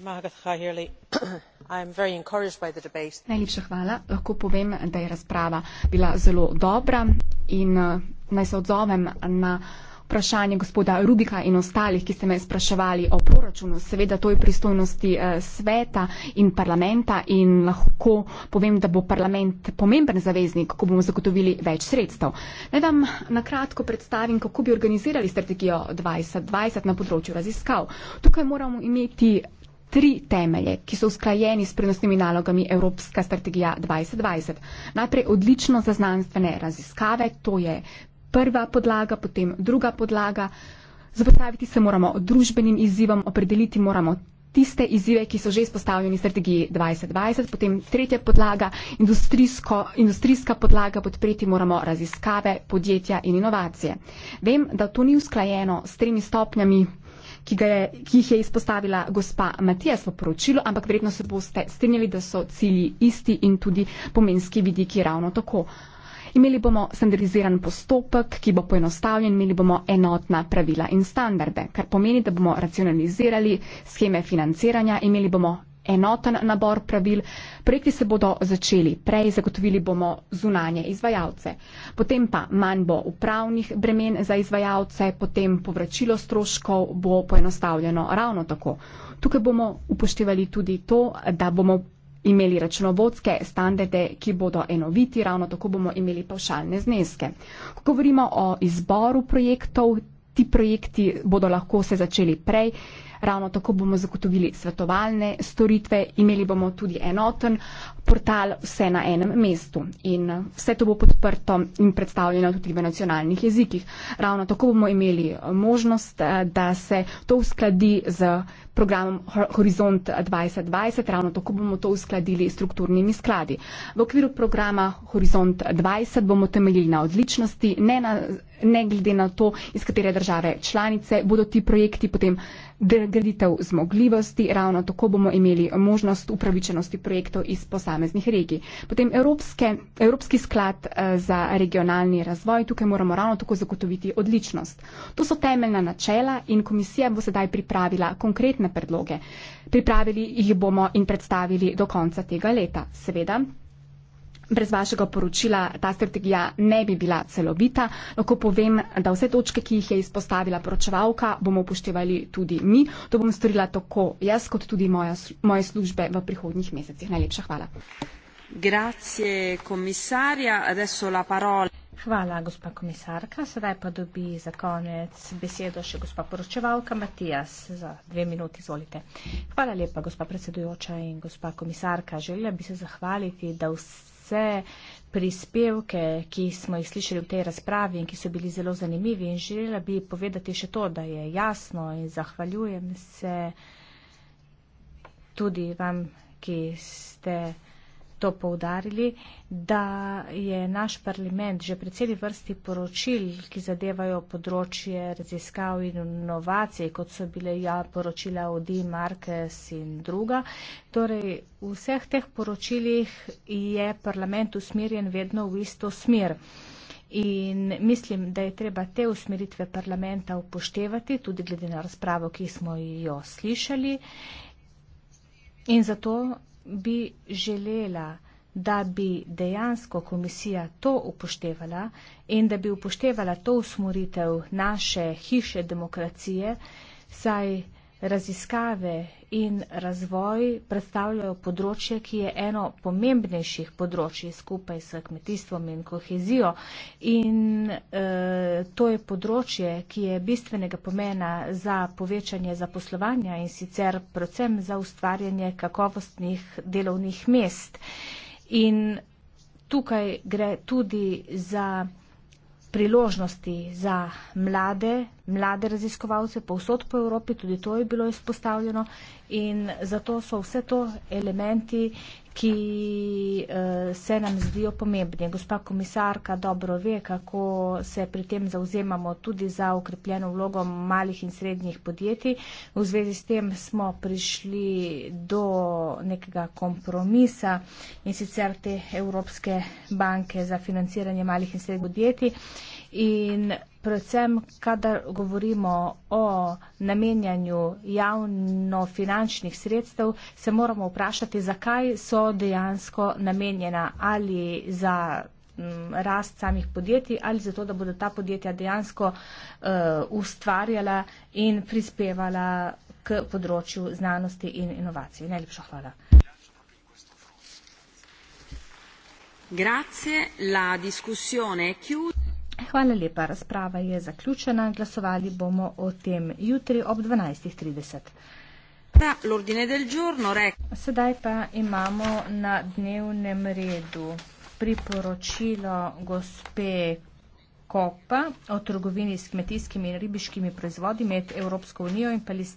Speaker 2: Najlepša hvala. Lahko povem, da je razprava bila zelo dobra in eh, naj se odzovem na vprašanje gospoda Rubika in ostalih, ki ste me spraševali o proračunu. Seveda to je pristojnosti eh, sveta in parlamenta in lahko povem, da bo parlament pomemben zaveznik, ko bomo zagotovili več sredstev. Naj vam na kratko predstavim, kako bi organizirali strategijo 2020 na področju raziskav. Tukaj moramo imeti tri temelje, ki so usklajeni s prenosnimi nalogami Evropska strategija 2020. Najprej odlično za znanstvene raziskave, to je prva podlaga, potem druga podlaga. Zapostaviti se moramo družbenim izzivom, opredeliti moramo tiste izzive, ki so že izpostavljeni strategiji 2020, potem tretja podlaga, industrijska podlaga, podpreti moramo raziskave, podjetja in inovacije. Vem, da to ni usklajeno s tremi stopnjami ki, je, ki jih je izpostavila gospa Matijas v poročilu, ampak verjetno se boste strinjali, da so cilji isti in tudi pomenski vidiki ravno tako. Imeli bomo standardiziran postopek, ki bo poenostavljen, imeli bomo enotna pravila in standarde, kar pomeni, da bomo racionalizirali scheme financiranja, imeli bomo enoten nabor pravil. Projekti se bodo začeli prej, zagotovili bomo zunanje izvajalce. Potem pa manj bo upravnih bremen za izvajalce, potem povračilo stroškov bo poenostavljeno ravno tako. Tukaj bomo upoštevali tudi to, da bomo imeli računovodske standarde, ki bodo enoviti, ravno tako bomo imeli pavšalne zneske. Ko govorimo o izboru projektov, ti projekti bodo lahko se začeli prej. Ravno tako bomo zagotovili svetovalne storitve, imeli bomo tudi enoten portal vse na enem mestu. In vse to bo podprto in predstavljeno tudi v nacionalnih jezikih. Ravno tako bomo imeli eh, možnost, eh, da se to uskladi z programom Horizont 2020, ravno tako bomo to uskladili s strukturnimi skladi. V okviru programa Horizont 2020 bomo temeljili na odličnosti, ne, na, ne glede na to, iz katere države članice bodo ti projekti potem graditev zmogljivosti, ravno tako bomo imeli možnost upravičenosti projektov iz posameznih regij. Potem Evropske, Evropski sklad eh, za regionalni razvoj, tukaj moramo ravno tako zagotoviti odličnost. To so temeljna načela in komisija bo sedaj pripravila konkretne predloge. Pripravili jih bomo in predstavili do konca tega leta. Seveda brez vašega poročila ta strategija ne bi bila celovita. Lahko povem, da vse točke, ki jih je izpostavila poročevalka, bomo upoštevali tudi mi. To bom storila tako jaz, kot tudi moja, moje službe v prihodnjih mesecih. Najlepša hvala.
Speaker 3: Grazie, komisarja. Adesso la parola. Hvala, gospa komisarka. Sedaj pa dobi za
Speaker 4: konec besedo še gospa poročevalka Matijas. Za dve minuti izvolite. Hvala lepa, gospa predsedujoča in gospa komisarka. Želela bi se zahvaliti, da vse vse prispevke, ki smo jih slišali v tej razpravi in ki so bili zelo zanimivi in želela bi povedati še to, da je jasno in zahvaljujem se tudi vam, ki ste to poudarili, da je naš parlament že pri celi vrsti poročil, ki zadevajo področje raziskav in inovacij, kot so bile ja poročila od D. Marques in druga. Torej, v vseh teh poročilih je parlament usmerjen vedno v isto smer. In mislim, da je treba te usmeritve parlamenta upoštevati, tudi glede na razpravo, ki smo jo slišali. In zato bi želela, da bi dejansko komisija to upoštevala in da bi upoštevala to usmoritev naše hiše demokracije, saj Raziskave in razvoj predstavljajo področje, ki je eno pomembnejših področji skupaj s kmetijstvom in kohezijo. In e, to je področje, ki je bistvenega pomena za povečanje zaposlovanja in sicer predvsem za ustvarjanje kakovostnih delovnih mest. In tukaj gre tudi za priložnosti za mlade, mlade raziskovalce, povsod po Evropi, tudi to je bilo izpostavljeno in zato so vse to elementi, ki uh, se nam zdijo pomembni. Gospa komisarka dobro ve, kako se pri tem zauzemamo tudi za ukrepljeno vlogo malih in srednjih podjetij. V zvezi s tem smo prišli do nekega kompromisa in sicer te Evropske banke za financiranje malih in srednjih podjetij. In predvsem, kadar govorimo o namenjanju javnofinančnih sredstev, se moramo vprašati, zakaj so dejansko namenjena ali za mm, rast samih podjetij ali zato, da bodo ta podjetja dejansko uh, ustvarjala in prispevala k področju znanosti in inovacij. Najlepša hvala.
Speaker 3: Grazie, la discussione è chiusa.
Speaker 4: Hvala lepa, razprava je zaključena. Glasovali bomo o tem jutri ob 12.30. Sedaj pa imamo na dnevnem redu priporočilo gospe Kopa o trgovini s kmetijskimi in ribiškimi proizvodi med Evropsko unijo in Palestino.